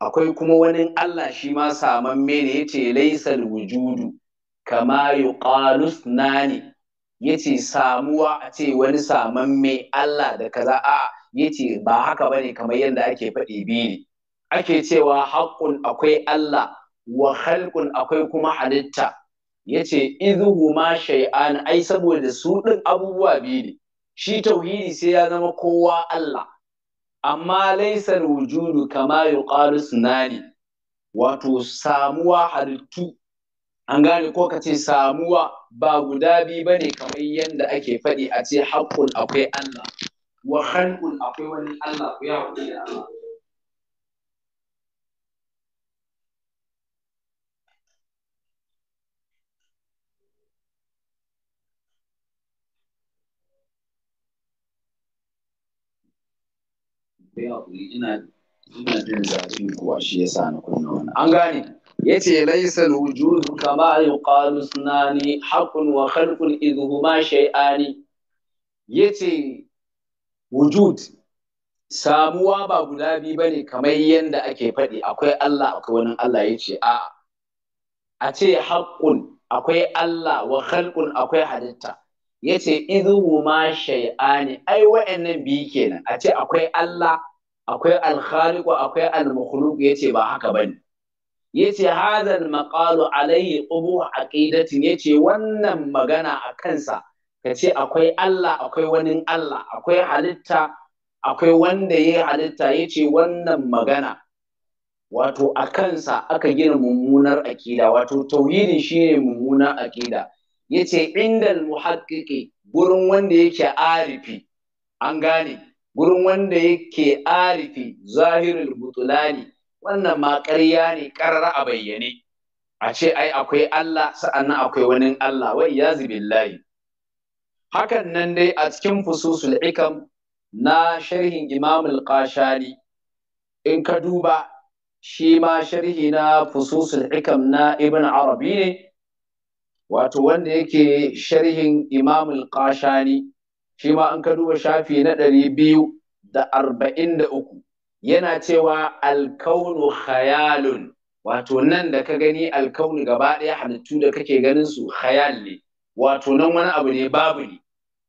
akwai kuma wani Allah shi ma saman samamme ne yace laisal wujudu kama yuqalus nani yace samuwa a ce wani saman me Allah da kaza a yace ba haka ba ne kamar yadda ake faɗi biyu ake cewa haƙƙun akwai Allah wa halƙun akwai kuma halitta yace izuhuma shay'an ai saboda su ɗin abubuwa biyu ne shi tauhidi sai ya zama kowa Allah amma laisar wujudu kama yuqalu sunani wato samuwa halittu an gane ko ka ce samuwa ba guda biyu ba ne kamar yadda ake faɗi a ce haƙƙun akwai Allah wa akwai wani Allah ku ya haƙuri da Allah ina jin zafin kuwa shi yasa na kunna an gane yace laysa wujudu kama yuqalu sunani haqqun wa khalqun idhuma Ya yace wujud samuwa ba guda biyu bane kamar yadda ake faɗi akwai Allah akwai wani Allah yace a a ce haqqun akwai Allah wa khalqun akwai halitta ya ce idhuhuma shay'ani ai wa'annan biyu kenan a ce akwai Allah akwai alkhaliqu akwai almakhluq yace ba haka bane yace hadha maqalu alayhi qubuh aqidatin yace wannan magana a kansa kace akwai Allah akwai wani Allah akwai halitta akwai wanda yayi halitta yace wannan magana wato a kansa aka gina mummunar akida wato tauhidi shine mummunar akida yace indal muhakkiki gurin wanda yake arifi an gane gurin wanda yake arifi zahirul butulani wannan ma ƙarya ne ƙarara a bayyane a ce ai akwai Allah sa'annan akwai wani Allah wai ya billahi hakan nan dai a cikin fususul ikam na sharhin imam al-qashani in ka duba shi ma sharhi na fususul ikam na ibn arabi ne wato wanda yake sharhin Imam al-Qashani shi ma an ka duba shafi na ɗari biyu da arba'in da uku yana cewa alkaunu khayalun wato nan da ka gani alkaunu gaba ɗaya halittu da kake ganin su khayal ne wato nan wani abu ne babu ne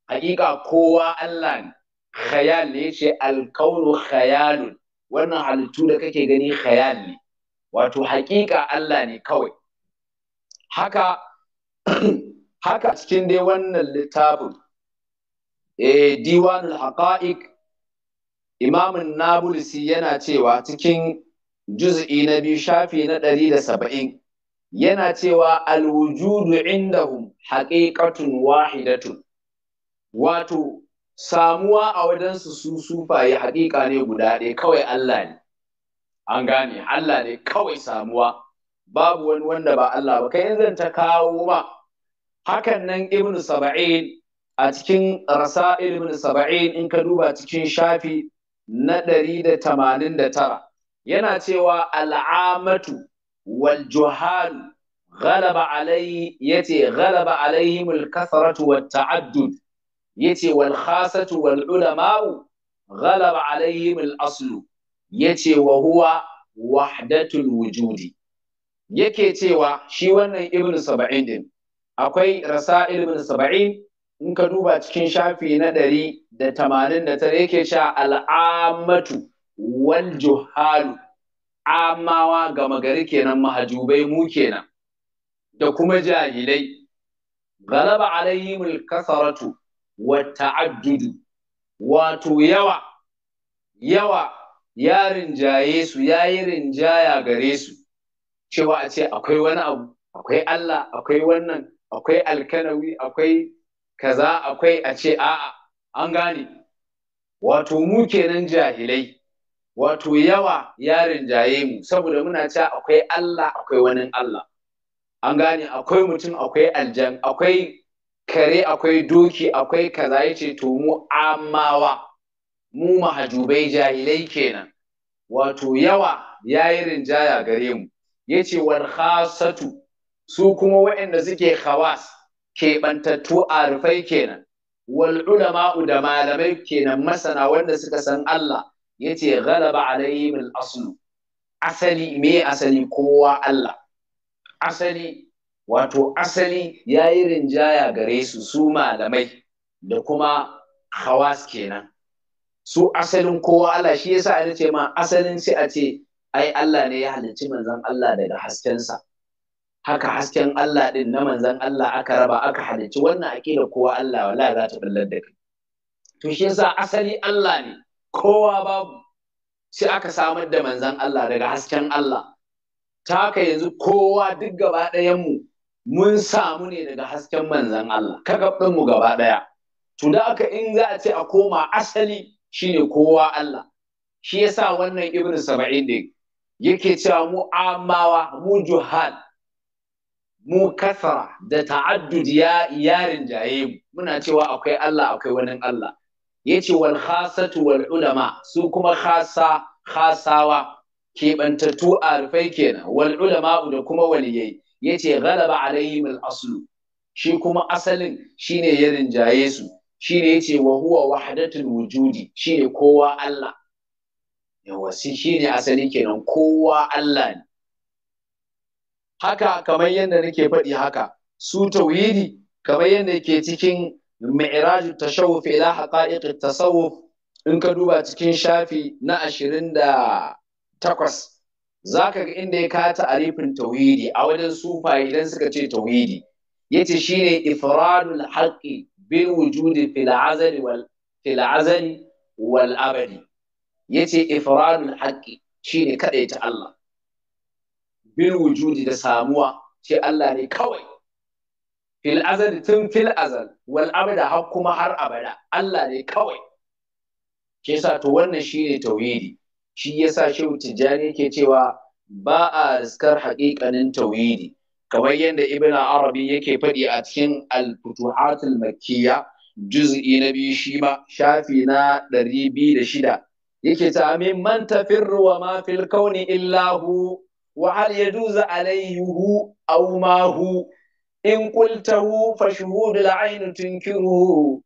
haƙiƙa kowa Allah ne khayal ne ce alkaunu khayalun wannan halittu da kake gani khayal ne wato haƙiƙa Allah ne kawai haka haka cikin dai wannan littafin eh al haqa'iq Imamin nabulsi yana cewa cikin juz'i na biyu shafi na ɗari da saba'in yana cewa al wujudu indahum haqiqatun wahidatun wato samuwa a wajensu su sufaye haƙiƙa ne guda ɗaya kawai Allah ne an gane Allah ne kawai samuwa babu wani wanda ba Allah ba kai zan ta kawo ma hakan nan ibn saba'in a cikin rasa ibn saba'in in ka duba cikin shafi na ɗari da tamanin da tara yana cewa al'amatu wal juhalu galaba alai yace galaba alaihim al kasratu wat ta'addud yace wal khasatu wal ulama'u galaba alaihim al aslu yace wa huwa wahdatul wujudi yake cewa shi wannan ibn saba'in din akwai rasa ilimin saba'in in ka duba cikin shafi na ɗari da tamanin da ta yake sha al'amatu wal juhalu amawa gama gari kenan mahajubai mu kenan da kuma jahilai galaba alayhimul kasaratu wa ta'addudu wato yawa yawa ya rinjaye su ya yi rinjaya gare su cewa a ce akwai wani abu akwai Allah akwai wannan akwai alkanawi akwai kaza akwai a ce a'a an gane wato mu kenan jahilai wato yawa yarin jaye mu saboda muna cewa akwai Allah akwai wani Allah an gane akwai mutum akwai aljan akwai kare akwai doki akwai kaza yace to mu amawa mu mahajubai jahilai kenan wato yawa yayi rinjaya gare mu yace wal khasatu su kuma waɗanda suke khawas keɓantattu a rufai kenan wal ulama'u da malamai kenan masana wanda suka san Allah yace ghalaba alayhim al aslu asali me asali kowa Allah asali wato asali yayi rinjaya gare su su malamai da kuma khawas kenan su asalin kowa Allah shi yasa ana ce ma asalin sai a ce ai Allah ne ya halicci manzon Allah daga haskensa haka hasken Allah ɗin na manzan Allah aka raba aka halicci wannan aƙida kowa Allah wallahi za ta ballar da kai to shi yasa asali Allah ne kowa babu sai aka samar da manzan Allah daga hasken Allah ta haka yanzu kowa duk gaba ɗayan mu mun samu ne daga hasken manzan Allah kaga ɗin mu gaba ɗaya to da aka in za a ce a koma asali shine kowa Allah shi yasa wannan ibnu saba'in ne yake cewa mu amawa mu juhal mu kasara da ta'addud ya yarin jaye muna cewa akwai Allah akwai wani Allah yace wal khasatu wal ulama su kuma khasa khasawa kebantattu a rufai kenan wal ulama da kuma waliyai yace ghalaba alaihim al aslu shi kuma asalin shine ya rinjaye su shine yace wa huwa wahdatul wujudi shine kowa Allah yawa shi shine asali kenan kowa Allah ne haka kamar yadda nake faɗi haka su tauhidi kamar yadda yake cikin mi'raju tashawuf ila haqa'iq tasawuf in ka duba cikin shafi na ashirin da takwas zaka ga inda ya kata arifin tauhidi a wajen sufa idan suka ce tauhidi yace shine ifradul haqqi bil wujudi fil azali wal fil azali wal abadi yace ifradul haqqi shine kadaita Allah Bin wujudi da samuwa ce Allah ne kawai fil azal tun fil azal wal abada har kuma har abada Allah ne kawai Ke sa to wannan shine tauhidi shi yasa shehu tijjani yake cewa ba a riskar haƙiƙanin tauhidi kamar yadda ibn arabi yake faɗi a cikin al-futuhatul makkiya juz'i na biyu shi ma shafi na ɗari biyu da shida yake ta min man tafirru wa ma fil kauni illahu wa ya duza alayhi aw ma hu in qultahu fa shuhudul ayn tunkiruhu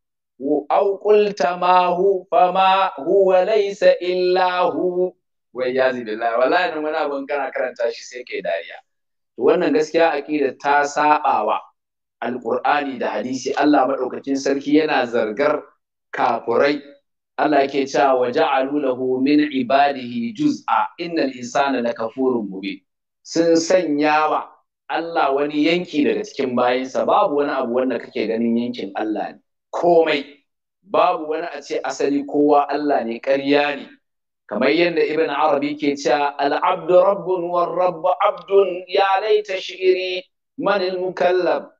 aw qulta ma hu fa ma huwa laisa illa hu wai yazi billahi wallahi nan wani abin kana karanta shi sai ke dariya to wannan gaskiya aqida ta sabawa Alƙur'ani da hadisi Allah maɗaukacin sarki yana zargar kafurai Allah ke cewa wa ja'alu lahu min ibadihi juz'a innal insana lakafurun mubin sun sanya ba. Allah wani yanki daga cikin bayansa babu wani abu wanda kake ganin yankin Allah ne komai babu wani a ce asali kowa Allah ne ƙarya ne kamar yadda ibn arabi ke cewa abdu rabbun war rabbu abdun ya laita shiri man mukallab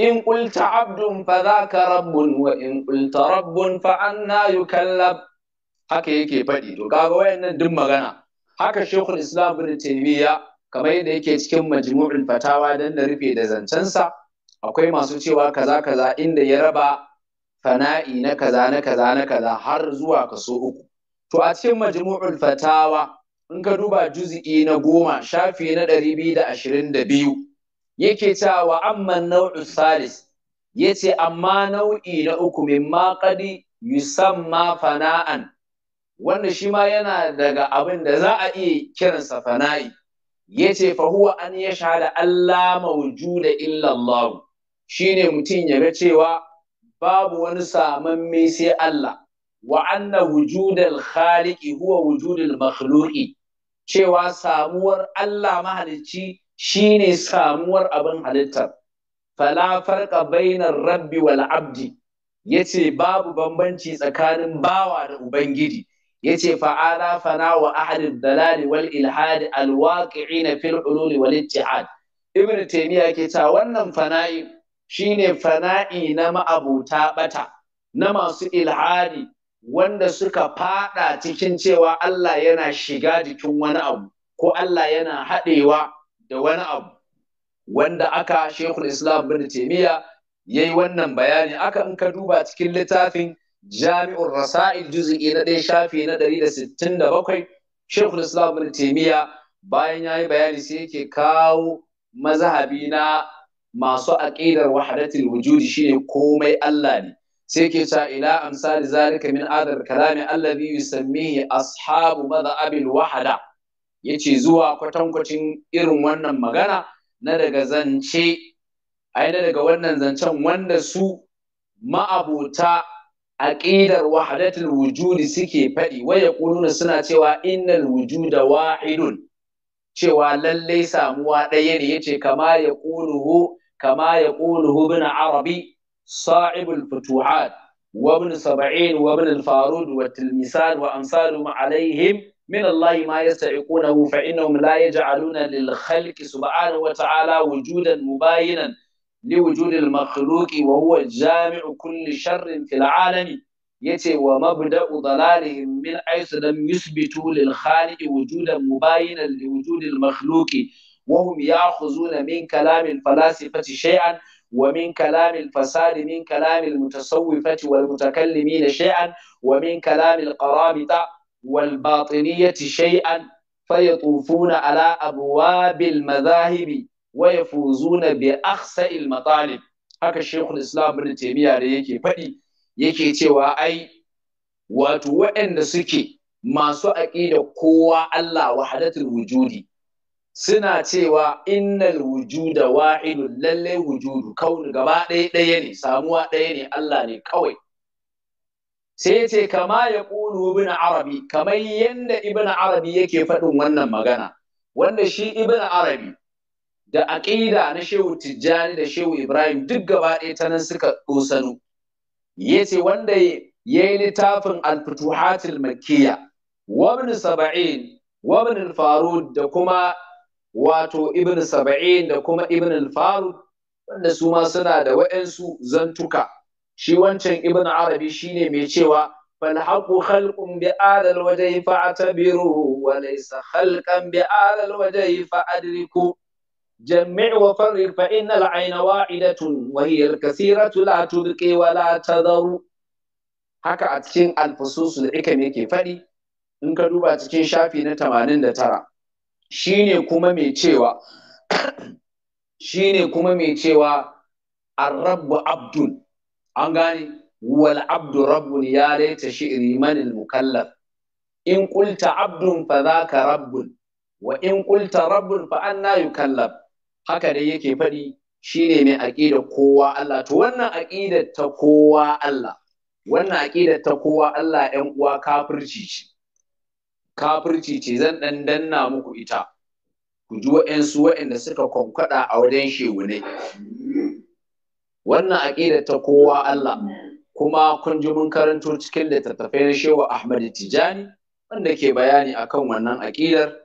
in qulta abdun fa zaka rabbun wa in qulta rabbun fa anna yukallab haka yake faɗi to kaga wayannan duk magana haka shekul islam ibn taymiya kamar yadda yake cikin majmu'ul fatawa dan da rufe da zancensa akwai masu cewa kaza kaza inda ya raba fana'i na kaza na kaza na kaza har zuwa kaso uku to a cikin majmu'ul fatawa in ka duba juz'i na goma shafi na ɗari biyu da ashirin da biyu yake cewa wa amma nau'u salis yace amma nau'i na uku mimma qadi yusamma fana'an wanda shi ma yana daga abin da za a iya kiransa fana'i yace fa huwa an yashhada Allah mawjuda illa Allah shine mutum ya ga cewa babu wani mai sai Allah wa anna wujudal khaliqi huwa wujudul makhluqi cewa samuwar Allah mahalicci Shi ne samuwar abin halittar fala farka bainar rabbi wal abdi yace babu bambanci tsakanin bawa da ubangiji yace fa'ala fana wa ahadid dalali wal ilhad al waqi'ina fil ulul wal ittihad ibnu taymiya ke ta wannan fana'i shine fana'i na ma'abuta ɓata, na masu ilhadi wanda suka fada cikin cewa Allah yana shiga jikin wani abu ko Allah yana haɗewa da wani abu wanda aka shekul islam bin taimiyya ya yi wannan bayani aka in ka duba cikin littafin jami'ur rasa'il juz'i na ɗaya shafi na ɗari da sittin da bakwai shekul islam bin taimiyya bayan ya yi bayani sai yake kawo mazhabi na masu aƙidar wahadatul wujudi shine komai Allah ne sai ke sa ila amsali zalika min adar kalami allazi yusammihi ashabu madhabil wahada Ya ce zuwa kwatankwacin irin wannan magana na daga zance ai daga wannan zancen wanda su ma'abuta aqidar wahdatul wujudi suke faɗi waya kununa suna cewa innal wujuda wahidun cewa lallai samuwa ɗaya ne yace kama ya quluhu kama ya quluhu bin arabi sa'ibul futuhat wa ibn sab'in wa ibn al wa tilmisan wa amsalu alaihim min Allah ma yasta'iqunahu fa innahum la yaj'aluna lil khalqi subhanahu wa ta'ala wujudan mubayinan li wujudil makhluqi wa huwa jami'u kulli sharrin fil alami yace wa mabda'u dalalihim min aysu lam lil khaliqi wujudan mubayinan li wujudil makhluqi وهم ياخذون من كلام الفلاسفه شيئا ومن كلام الفساد من كلام المتصوفه والمتكلمين شيئا ومن كلام القرامطه wal batiniyati shay'an fayatufuna ala abwabil mazahibi wa yafuzuna bi akhsa'il matalib haka Sheikhul Islam Ibn Taymiyyah da yake faɗi yake cewa ai wato waɗanda suke masu aƙida kowa Allah wahadatul wujudi suna cewa "Innan wujuda wahidun lallai wujudu kauni gaba ɗaya ɗaya ne samuwa ɗaya ne Allah ne kawai sai ce kama ya ƙulu ibn arabi kamar yadda ibn arabi yake faɗin wannan magana wanda shi ibn arabi da aƙida na shehu tijjani da shehu ibrahim duk gaba ɗaya ta nan suka ɗosanu ya ce wanda ya yi littafin alfutuhatul makkiya wabin saba'in wabin farud da kuma wato ibn saba'in da kuma ibn farud wanda su ma suna da wa'ansu zantuka shi wancan ibn arabi shine mai cewa fal haqu khalqun bi adal wajhi fa atabiruhu wa laysa khalqan bi adal wajhi fa adriku جمع وفرق فإن العين واحدة وهي الكثيرة لا تبقي la' تذر haka a cikin alfususul ikam yake faɗi in ka duba cikin shafi na 89 shine kuma mai cewa shine kuma mai cewa ar-rabb an gane wal abdu rabbun ya laita shi'ri manil mukallaf in qulta abdun fa zaka rabbun wa in qulta rabbun fa anna yukallaf haka dai yake faɗi shine mai aqida kowa Allah to wannan aqidar ta kowa Allah wannan aqidar ta kowa Allah ƴan uwa kafirci ce kafirci ce zan dan danna muku ita ku ji wa'ensu wa'anda suka kwankwada a wajen shewu wannan aƙidar ta kowa Allah kuma kun ji mun karanto cikin littattafai na shewa Ahmad Tijani wanda ke bayani akan wannan aƙidar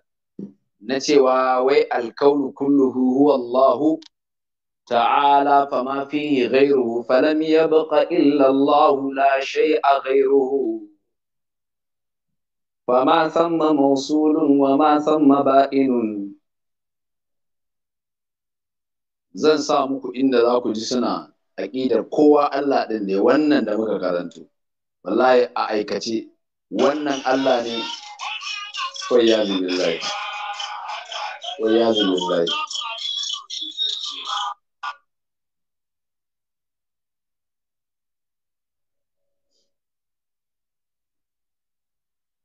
na cewa wai alkaunu kulluhu huwa Allahu تعالى فما فيه غيره فلم يبق إلا الله لا شيء غيره ma ثم موصول Zan sa muku inda za ku ji suna. aƙidar kowa Allah ɗin ne wannan da muka karanto wallahi a aikace wannan Allah ne wayya ya wayya billahi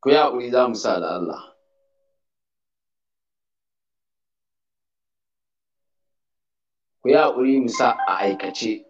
ku ya ƙuri za mu sa da Allah ku ya uri mu sa a aikace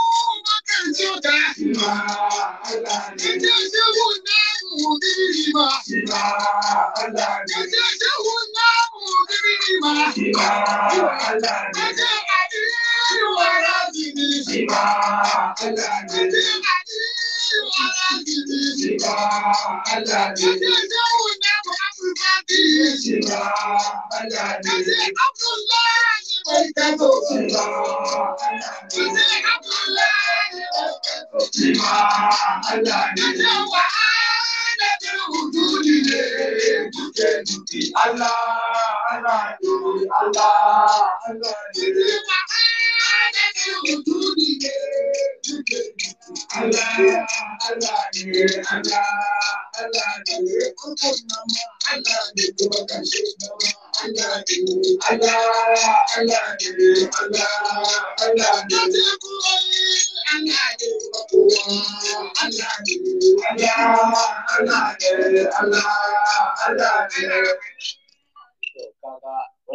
ndị ụda Lima Allah ne. Adadin hududi ne kuke nufi Allah, Allah ne, Allah, Allah ne. Allah Allah ne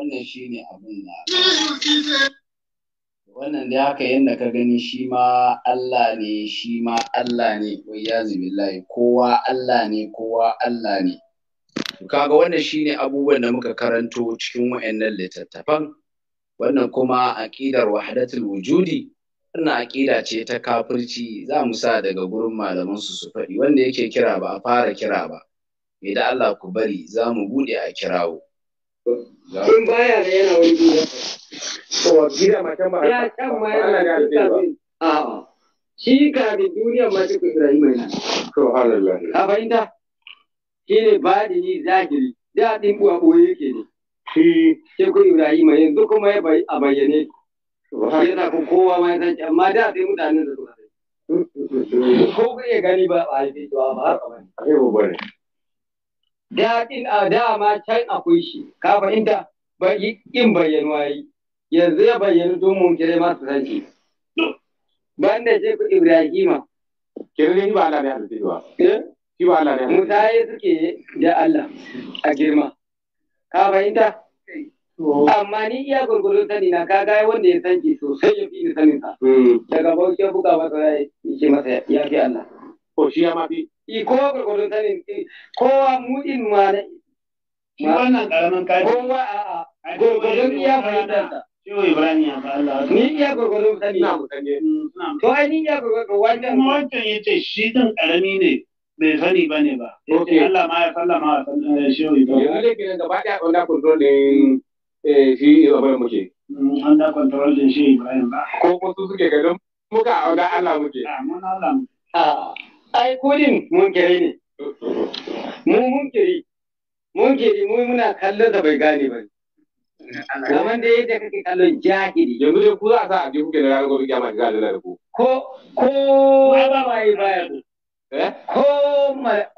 wannan shine abin da wannan dai haka yadda ka gani shi ma Allah ne shi ma Allah ne wai ya billahi kowa Allah ne kowa Allah ne kaga wannan shine abubuwan da muka karanto cikin wayannan littattafan wannan kuma aqidar wahdatul wujudi wannan aqida ce ta kafirci za mu sa daga gurin malaman su su faɗi wanda yake kira ba a fara kira ba idan Allah ku bari za mu bude a kirawo in baya da yana wani gida to gida matan ba ya kan ma yana da kafin a shi kafin duniyar ma duk Ibrahim yana to halallah a fahimta shine badini zahiri da din buwa boye yake ne shi sai ku Ibrahim yanzu kuma ya bai a bayyane yana ku kowa ma ya san amma da sai mutanen da suka mm, mm, mm, ko ku iya gani ba a haifi to ba haka ba ne daɗin a dama can akwai shi ka fahimta in bayyanuwa yi yanzu ya bayyanu don mun kire masu san shi banda shi ku ibrahima kirle ba Allah ne arziki ba shi ba Allah ne eh? mutaye suke da Allah a girma ka fahimta amma ni iya gurgurun sani na ka gaya wanda ya san shi sosai ya fi ni sanin sa hmm. daga bauchi ya buga masa ya masa ya fi Allah ko shi ya mafi i kowa don sanin kowa mudin ma na wannan karamin kaji kowa a a gwargwadon iya fahimtarsa Shehu Ibrahim ya fa Allah. Ni iya gwargwadon sani. Na mutane. To ai ni iya gwargwadon wannan. ce shi ƙarami ne bai sani ba ne ba. Allah ma ya sallama wa Shehu Ibrahim. Yanzu dai nan gaba ɗaya wanda control ɗin shi Ibrahim muke. Wanda control ɗin shi Ibrahim ba. Ko ko su suke ganin muka a wanda Allah muke. Ah mun Allah ai kudin kere ne mu mun kere mu muna kallon da bai gane ba kamar da yadda kake kallon jahili yanzu dai ku za a sa a kuke na ranar gobe kiyama ki da ku ko ko ba wai baya ku eh? ko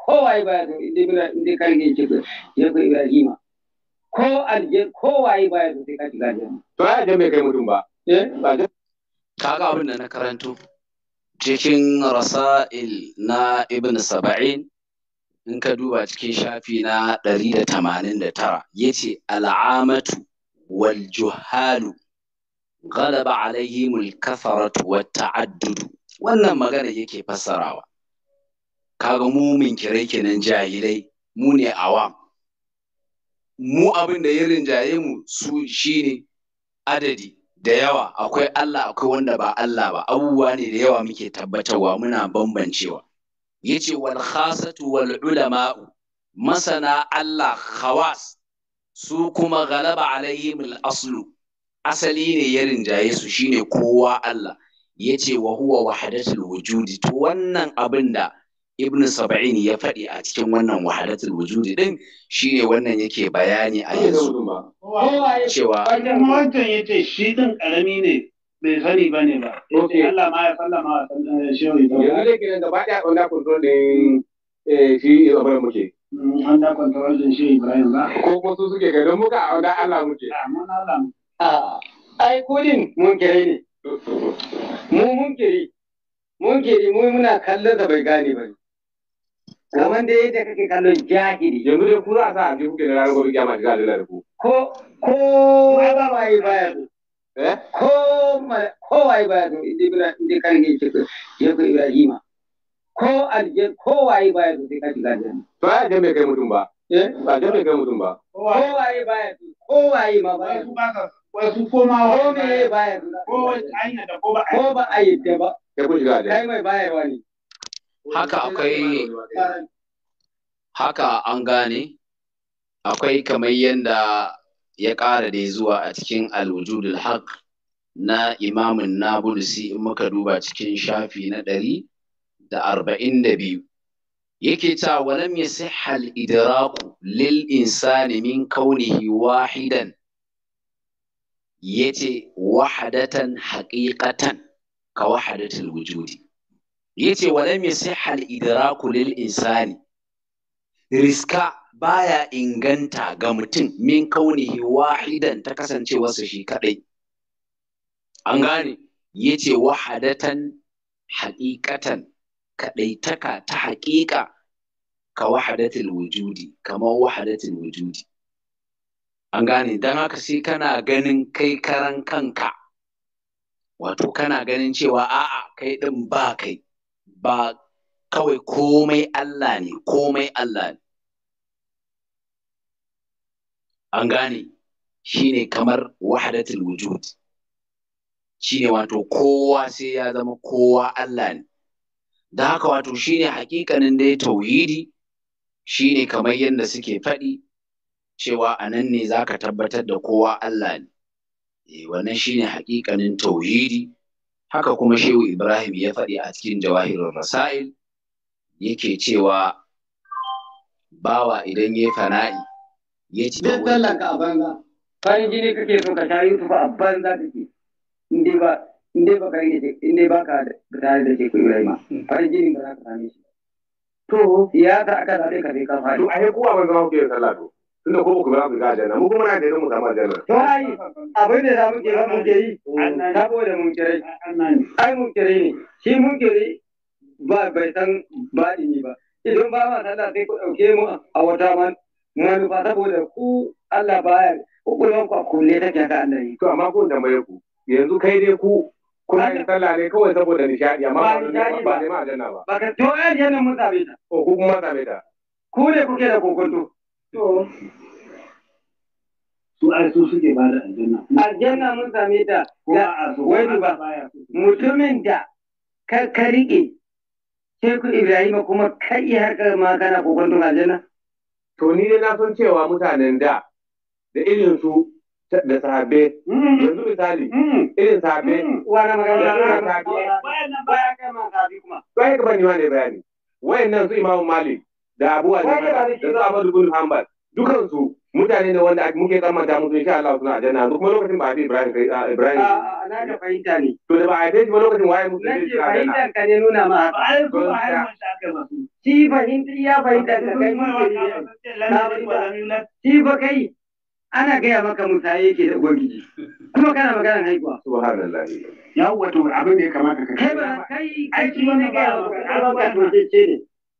ko wai baya ku inda muna inda kan yin cikin yanzu ibrahima ko alje ko wai baya ku sai ka shiga jami'a to ai da mai kai mutum ba eh ba kaga abin da na karanto cikin rasa'il na ibn saba'in in ka duba cikin shafi na 189 ce al'amatu wal juhalu galaba alaihimul kafaratu wata ta'addudu wannan magana yake fassarawa kaga mu min minkirai kenan jahilai mu ne awam mu abin da ya rinjaye mu su shine adadi da yawa akwai Allah akwai wanda ba Allah ba abubuwa ne da yawa muke tabbatarwa muna bambancewa yace wal khasatu wal ulama'u masana Allah khawas su kuma galaba alaihim al aslu asali ne ya rinjaye su shine kowa Allah yace wa huwa wahdatul wujudi to wannan abin da ibn saba'in ya faɗi a cikin wannan wahalatul wujudi din shine wannan yake bayani a yanzu cewa wancan yace shi din karami ne bai sani ba ne ba yace Allah ma ya sallama wa sallan ne ba yanzu dai gidan gaba ɗaya wannan control din eh, shi abin muke an mm, da control din shehu Ibrahim ba ko ko su suke ga muka a wannan Allah muke ah, a ah, mun Allah a ai kudin mun kire ne mu mun kire mun kire mu muna kallon da bai gane ba ne kamar da yadda kake kallon jahili yanzu dai ku za a sa a kuke na ranar gobe kiyama shiga lalata ku ko ko ai ba ma yi baya ko ko ko baya ku inda ibra inda kan ne ce ya ku ibrahima ko aljan ko baya ku sai ka shiga to ai kai mutum ba ba kai mutum ba ko baya ku ko ai ma baya ku wasu komawa ko me baya ku ko ba a yadda ba kai mai bayarwa ne haka akwai haka an gane akwai kamar yadda ya ƙara da zuwa a cikin alwujudul haq na imamun nabulusi in muka duba cikin shafi na ɗari da arba'in da biyu yake ta walam ya sihal idraku lil insani min kaunihi wahidan yace wahadatan haƙiƙatan ka wahadatul wujudi yace wala mai hal idraku lil insani riska baya inganta ga mutum min kaunihi wahidan ta wasu shi kadai an gane yace wahadatan haqiqatan taka ta haqiqa ka wahadatul wujudi kamar wahadatul wujudi an gane Dan haka sai kana ganin kai karan kanka wato kana ganin cewa a'a kai din ba kai ba kawai komai Allah ne komai Allah ne an gane shine kamar wahdatul wujud shine wato kowa sai ya zama kowa Allah ne da haka wato shine hakikanin ya tauhidi shine kamar yadda suke faɗi cewa a nan ne ka tabbatar da kowa Allah ne eh shi shine hakikanin tauhidi haka kuma shehu ibrahim ya faɗi a cikin jawahirin rasail yake cewa bawa idan ya fana'i ya ci da sallan ka a banza farin jini kake so ka shayi su ba a banza kake inda ba inda ba ka yi inda ba ka tare da shehu ibrahim farin jini ba za ka same shi to ya ta aka zaɓe ka fi ka to a yi kuwa banza kuke sallah to tunda ko ku ba ku ga janna mu kuma na da mu zama janna kai abin da zamu ke mun kiri saboda mun kiri ai mun kiri ne shi mun kiri ba bai san ba ni ba idan ba ma sallah sai ku dauke mu a wata man manufa saboda ku Allah baya kukulon ku a kulle take ga Allah yi to amma ko tambaye ku yanzu kai dai ku kuna yin sallah ne kawai saboda nishadi amma ba ne ma janna ba ba ka to ai janna mun sabe ta ko kuma sabe ta ku ne kuke da kokonto su ai su suke ba da aljanna aljanna mun same ta wai ba mutumin da ka riƙe rike sai ku Ibrahim kuma kai har ma kana kokon aljanna to ni dai na san cewa mutanen da da irin su da sahabe, mm. yanzu misali mm. irin sahabe, mm. wani magana da sahabbe bayan nan baya kai ma sahabbe kuma bayan ka bani wani bayani nan su Imam Malik da Abu Hanifa da a Ahmad ibn Hanbal dukan su mutane ne wanda muke tsammanta musu insha Allah suna aljanna yanzu kuma lokacin ba a fi Ibrahim kai Ibrahim na da fahimta ne to da ba a fi ba lokacin waye musu ne suna aljanna fahimta ka ne nuna ma ba ai ko ai mun ta kai ba shi fahimta ya fahimta ka kai mun shi ba kai ana gaya maka musa yake da ubangiji kuma kana maganar haihuwa subhanallahi yawa to abin da ya kamata ka kai ba kai aiki ne ga maka abin da ce ne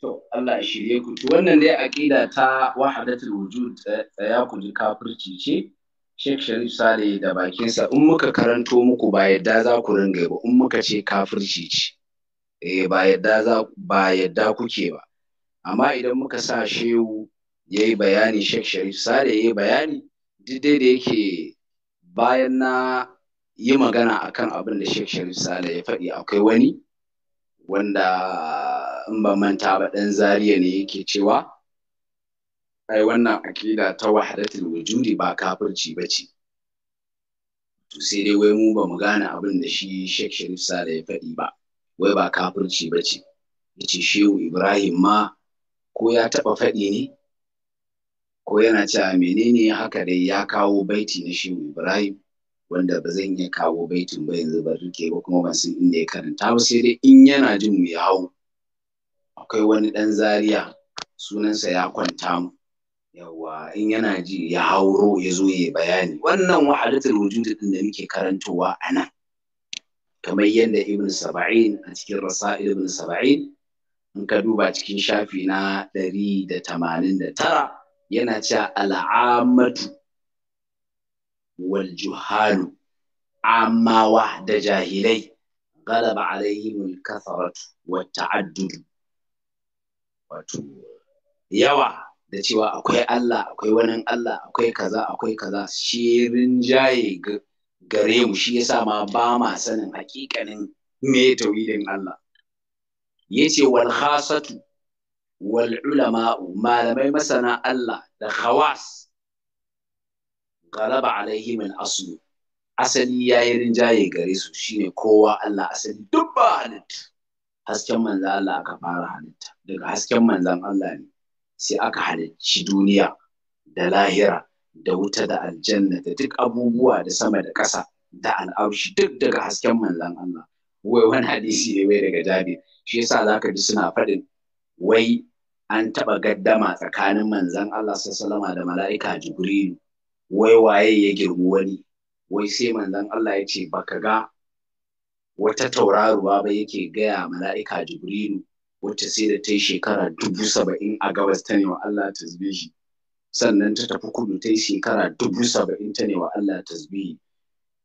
To Allah shirye ku. To wannan dai aqida ta wahdatul wujud tsaya eh, eh, ku ji kafirci ce. Sheikh Sharif Saleh da bakinsa in muka karanto muku ba yadda za ku ringa ba in muka ce kafirci ce. Eh ba yadda za ba yadda kuke ba. Amma idan muka sa shehu yayi bayani Sheikh Sharif Saleh yayi bayani duk dai da yake bayan na yi magana akan abin da Sheikh Sharif Saleh ya faɗi akwai wani wanda in ba manta ba ɗan zariya ne yake cewa ai wannan aƙida ta wahdatul wujudi ba kafirci ba ce to sai dai wai mu ba mu gane abin da shi Sheikh Sharif Sale ya faɗi ba wai ba kafirci ba ce yace Shehu Ibrahim ma ko ya taɓa faɗi ne ko yana cewa menene haka dai ya kawo baiti na Shehu Ibrahim wanda ba zan iya kawo baitin ba yanzu ba duke ba kuma ban san inda ya karanta ba sai dai in yana jin mu ya hau akwai wani ɗan zaria sunansa ya kwanta mu yawa in yana ji ya hauro ya zo ya bayani wannan wahadatul wujud din da muke karantowa a nan kamar yadda ibn saba'in a cikin rasa'il ibn saba'in in ka duba cikin shafi na ɗari da tamanin da tara yana cewa al'amatu wal juhalu amawa da jahilai galaba alaihimul kasaratu wa ta'addudu wato yawa da cewa akwai Allah akwai wani Allah akwai kaza akwai kaza shi rinjaye gare mu shi yasa ma ba ma sanin hakikanin me tauhidin Allah yace wal khasatu wal ulama malamai masana Allah da khawas galaba alaihi min asli asali yayi rinjaye gare su shine kowa Allah asali dubba halitta hasken manzan Allah aka fara halitta daga hasken manzan Allah ne sai aka halicci duniya da lahira da wuta da aljanna da duk abubuwa da sama da ƙasa da al'aushi duk daga hasken manzan Allah wai wani hadisi ne wai daga dabi shi yasa zaka ji suna faɗin wai an taɓa gaddama tsakanin manzan Allah sallama da mala'ika Jibrilu wai waye ya girbi wani wai sai manzan Allah ya ce baka ga wata tauraruwa ba yake gaya mala'ika jibrilu wacce sai da ta yi shekara dubu saba'in a gabas ta ne wa Allah tasbihi sannan ta tafi kudu ta yi shekara dubu saba'in ta ne wa Allah tasbihi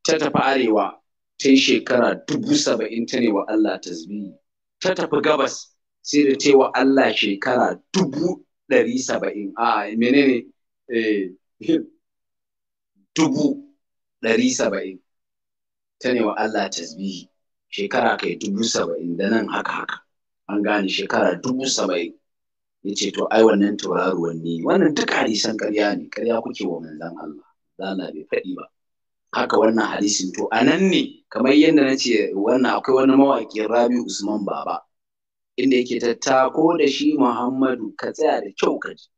ta tafi arewa ta yi shekara dubu saba'in ta ne wa Allah tasbihi ta tafi gabas sai da ta yi wa Allah shekara dubu ɗari saba'in a menene eh, dubu ɗari saba'in ta ne wa Allah tasbihi shekara kai dubu saba'in da nan haka haka an gane shekara dubu saba'in ya ce to ai wannan tauraruwan ne wannan duk hadisan ƙarya ne ƙarya kuke wa manzan Allah na bai faɗi ba haka wannan hadisin to a nan ne kamar yadda na ce wannan akwai wani mawaƙin rabi usman baba inda yake tattako da shi muhammadu ka tsaya da kyau ka ji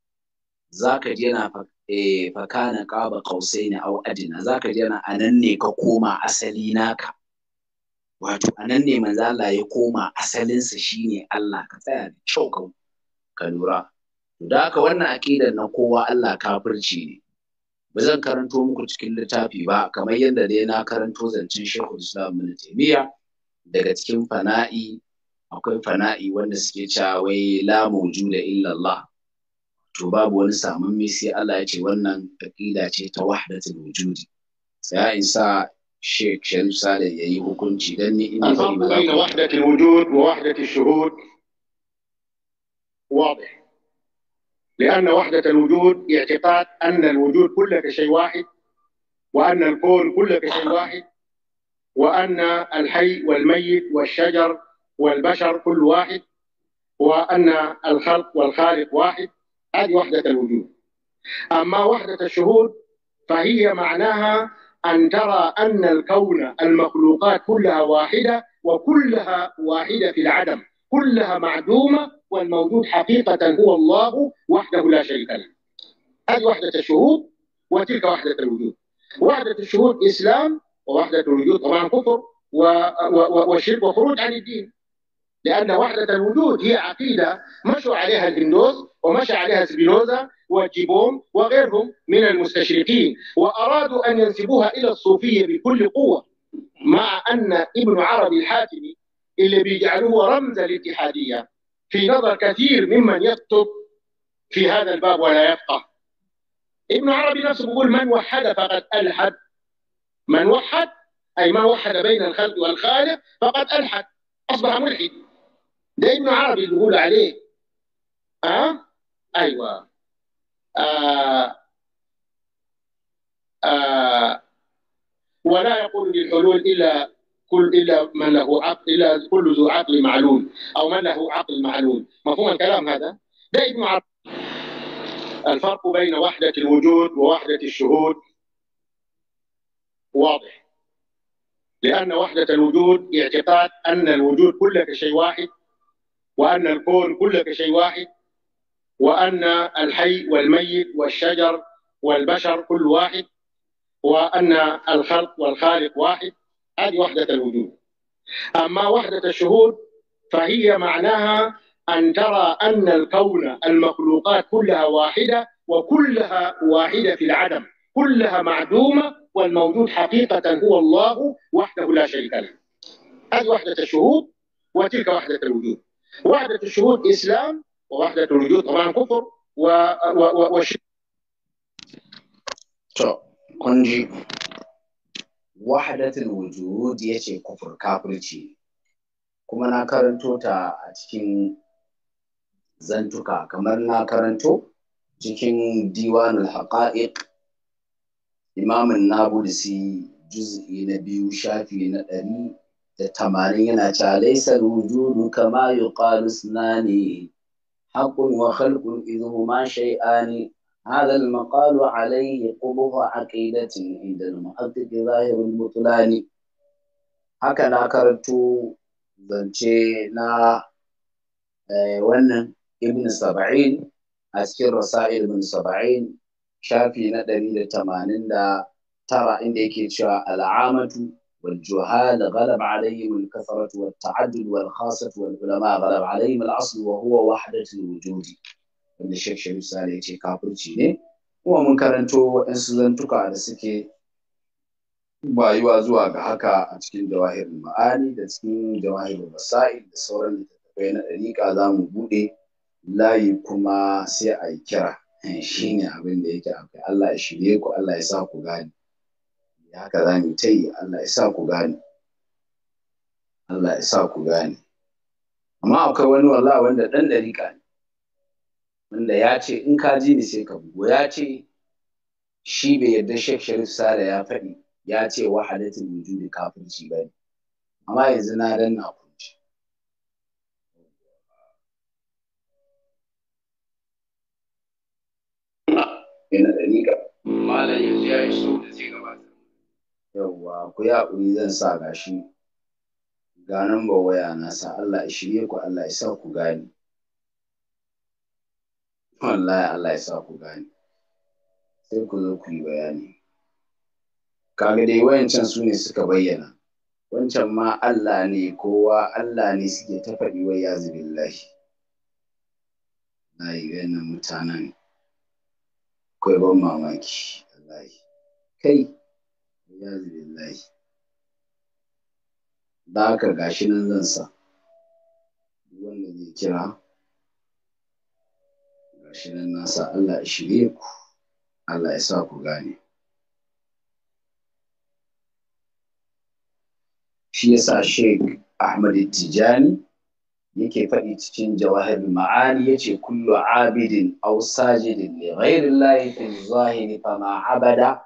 za ka ji yana fakana eh, ƙaba ƙausai ne au adina za ka ji yana a nan ne ka koma asali naka wato a nan ne manzo Allah ya koma asalinsa shine Allah ka tsaya da kyau ka lura to da haka wannan akidar na kowa Allah kafirci ne ba zan karanto muku cikin littafi ba kamar yadda dai na karanto zancen Sheikhul Islam Ibn Taymiyyah daga cikin fana'i akwai fana'i wanda suke cewa wai la mawjuda illa Allah to babu wani samun sai Allah ya ce wannan aqida ce ta wahdatul wujudi sai in sa الشيخ شريف صالح ya yi hukunci dan ni ina bari ba ku wahdat واضح لأن وحدة الوجود اعتقاد أن الوجود كله شيء واحد وأن الكون كله شيء واحد وأن الحي والميت والشجر والبشر كل واحد وأن الخلق والخالق واحد هذه وحدة الوجود أما وحدة الشهود فهي معناها أن ترى أن الكون المخلوقات كلها واحدة وكلها واحدة في العدم كلها معدومة والموجود حقيقة هو الله وحده لا شريك له هذه وحدة الشهود وتلك وحدة الوجود وحدة الشهود إسلام ووحدة الوجود طبعا كفر وشرك وخروج عن الدين لأن وحدة الوجود هي عقيدة مشوا عليها الهندوس ومشى عليها سبينوزا وجيبوم وغيرهم من المستشرقين وأرادوا أن ينسبوها إلى الصوفية بكل قوة مع أن ابن عربي الحاتمي اللي بيجعلوه رمز الاتحادية في نظر كثير ممن يكتب في هذا الباب ولا يفقه ابن عربي نفسه بيقول من وحد فقد ألحد من وحد أي ما وحد بين الخلق والخالق فقد ألحد أصبح ملحد ده ابن عربي بيقول عليه أه؟ أيوه آه، آه، ولا يقول بالحلول الا كل الا من له عقل الا كل ذو عقل معلوم او من له عقل معلوم مفهوم الكلام هذا؟ ده اجماع الفرق بين وحده الوجود ووحده الشهود واضح لأن وحدة الوجود اعتقاد أن الوجود كله كشيء واحد وأن الكون كله كشيء واحد وأن الحي والميت والشجر والبشر كل واحد وأن الخلق والخالق واحد هذه وحدة الوجود أما وحدة الشهود فهي معناها أن ترى أن الكون المخلوقات كلها واحدة وكلها واحدة في العدم كلها معدومة والموجود حقيقة هو الله وحده لا شريك له هذه وحدة الشهود وتلك وحدة الوجود وحدة الشهود إسلام ووحدة الوجود طبعا كفر و و و to kun ji wahdatul wujud yace kufur kafirci kuma na karanto ta a cikin zantuka kamar na karanto cikin diwanul haqa'iq imamin nabulsi juz'i na biyu shafi na ɗari da tamanin yana cewa laisa wujudu kama yuqalu sunani حق وخلق إذ هما شيئان هذا المقال عليه قبه عقيدة عند المحقق ظاهر البطلان haka na karanto zance na wannan ibn saba'in a cikin rasa'il ibn saba'in shafi na ɗari da tamanin da tara inda yake cewa al'amatu والجهال غلب عليهم الكثرة والتعدد والخاصة والعلماء غلب عليهم الأصل وهو وحدة الوجود wanda Sheikh Sharif Sale ya ce kafirci ne kuma mun karanto waɗansu zantuka da suke bayuwa zuwa ga haka a cikin jawahirin ma'ani da cikin jawahirin masail da sauran littattafai na ɗariƙa za mu buɗe layi kuma sai a yi kira shine abin da yake akwai Allah ya shirye ku Allah ya sa ku gane da haka za mu ta yi Allah ya sa ku gane Allah ya sa ku gane amma akwai wani wallahi wanda dan dariƙa ne wanda ya ce in ka ji ni sai ka bugo ya ce shi bai yarda Sheikh Sharif Sale ya faɗi ya ce wahadatul wujudi kafirci bane amma yanzu na danna ku Malam yanzu ya iso yawwa ku yi haƙuri zan sa gashi ga ba waya na sa Allah ya shirye ku Allah ya sa ku gane wallahi Allah ya sa ku gani sai ku zo ku yi bayani kaga dai wayancan su ne suka bayyana wancan ma Allah ne kowa Allah ne suke ta faɗi wai ya zubillahi na yi wannan mutanen akwai ban mamaki wallahi kai iyazu billahi da haka gashi nan zan sa wanda zai kira gashi nan na Allah ya shirye ku Allah ya sa ku gane shi yasa Sheikh Ahmad Tijani yake faɗi cikin jawahir ma'ani yace kullu abidin au sajidin li ghayri fi zahiri fa ma abada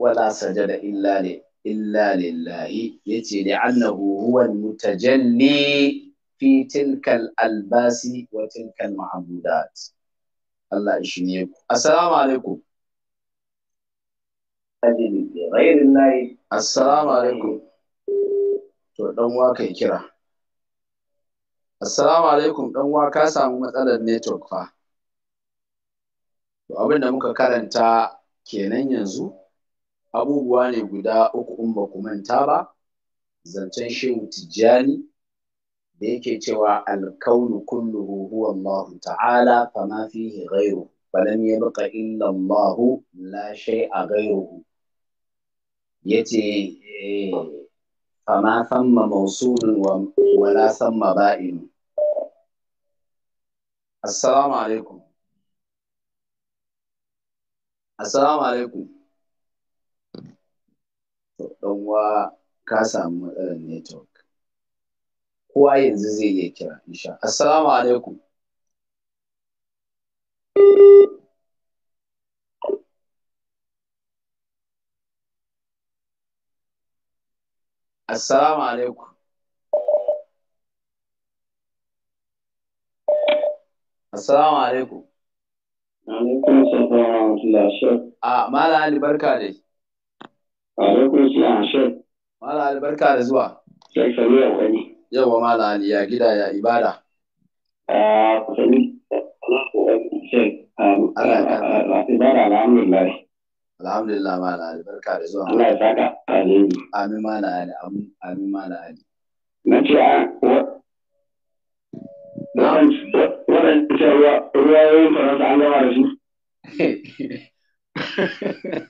wala sajada illa li illa lillahi yace li'annahu huwa al-mutajalli fi tilka albasi wa tilka al Allah ya shirye ku assalamu alaikum assalamu alaikum to dan alaikum matsalar network muka karanta kenan yanzu abubuwa ne guda uku in ba ku manta ba zancen shehu tijjani da yake cewa alkaunu kulluhu huwa Allah ta'ala ma fihi ghairu falam yabqa illa Allah la shay'a ghayruhu yace eh, ma thamma mawsulun wa wala thamma ba'in assalamu alaikum assalamu alaikum ɗan uwa ka samu matsalar network kowa yanzu zai iya kira insha assalamu alaikum assalamu alaikum assalamu alaikum alaikum assalam wa rahmatullahi Ah, Malam ali barka dai Alaikun salam shek. Mala albarka da zuwa. Shek sami ya sani. Yawa mala ali ya gida ya ibada. Ah sani. Shek. Ah, ah, ah, ibada alhamdulillah. Alhamdulillah mala barka da zuwa. Allah ya saka. Amin. Amin mala ali. Amin mala ali. Na ce a waɗanda ruwa ruwa yayin faransa an gama da su.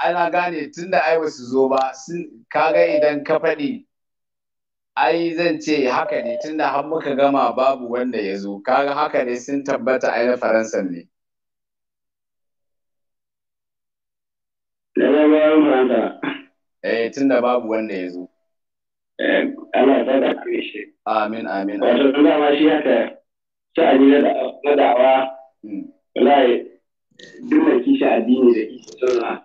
ana gane da ai ba su zo ba kaga idan ka faɗi ai zan ce haka ne tun da har muka gama babu wanda ya zo kaga haka ne sun tabbata ai na faransa ne Eh tunda babu wanda ya zo. Eh, ana da da shi. Amin amin. Wato tunda ma shi haka sha'ani na da'awa. Hmm. Wallahi duk mai kishi addini da kishi sunna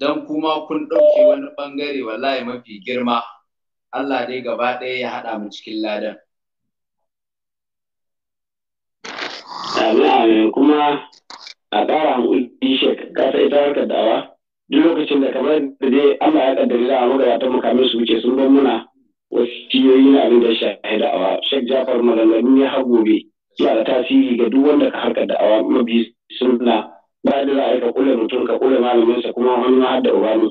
don kuma kun ɗauke wani ɓangare wallahi mafi girma Allah dai gaba ɗaya ya haɗa mu cikin ladan. Amin kuma a ƙara hankuli shek ka sai ta harkar dawa duk lokacin da kamar da dai Allah ya kaddare da amma ga ta mukamin su wuce sun bar muna wasiyoyi na abin da shahi da'awa shek Jafar maganganu ya har gobe suna da tasiri ga duk wanda ka harkar da'awa mabi suna. ba da za a yi ka kula mutum ka kula sa kuma wani ma har da uba ne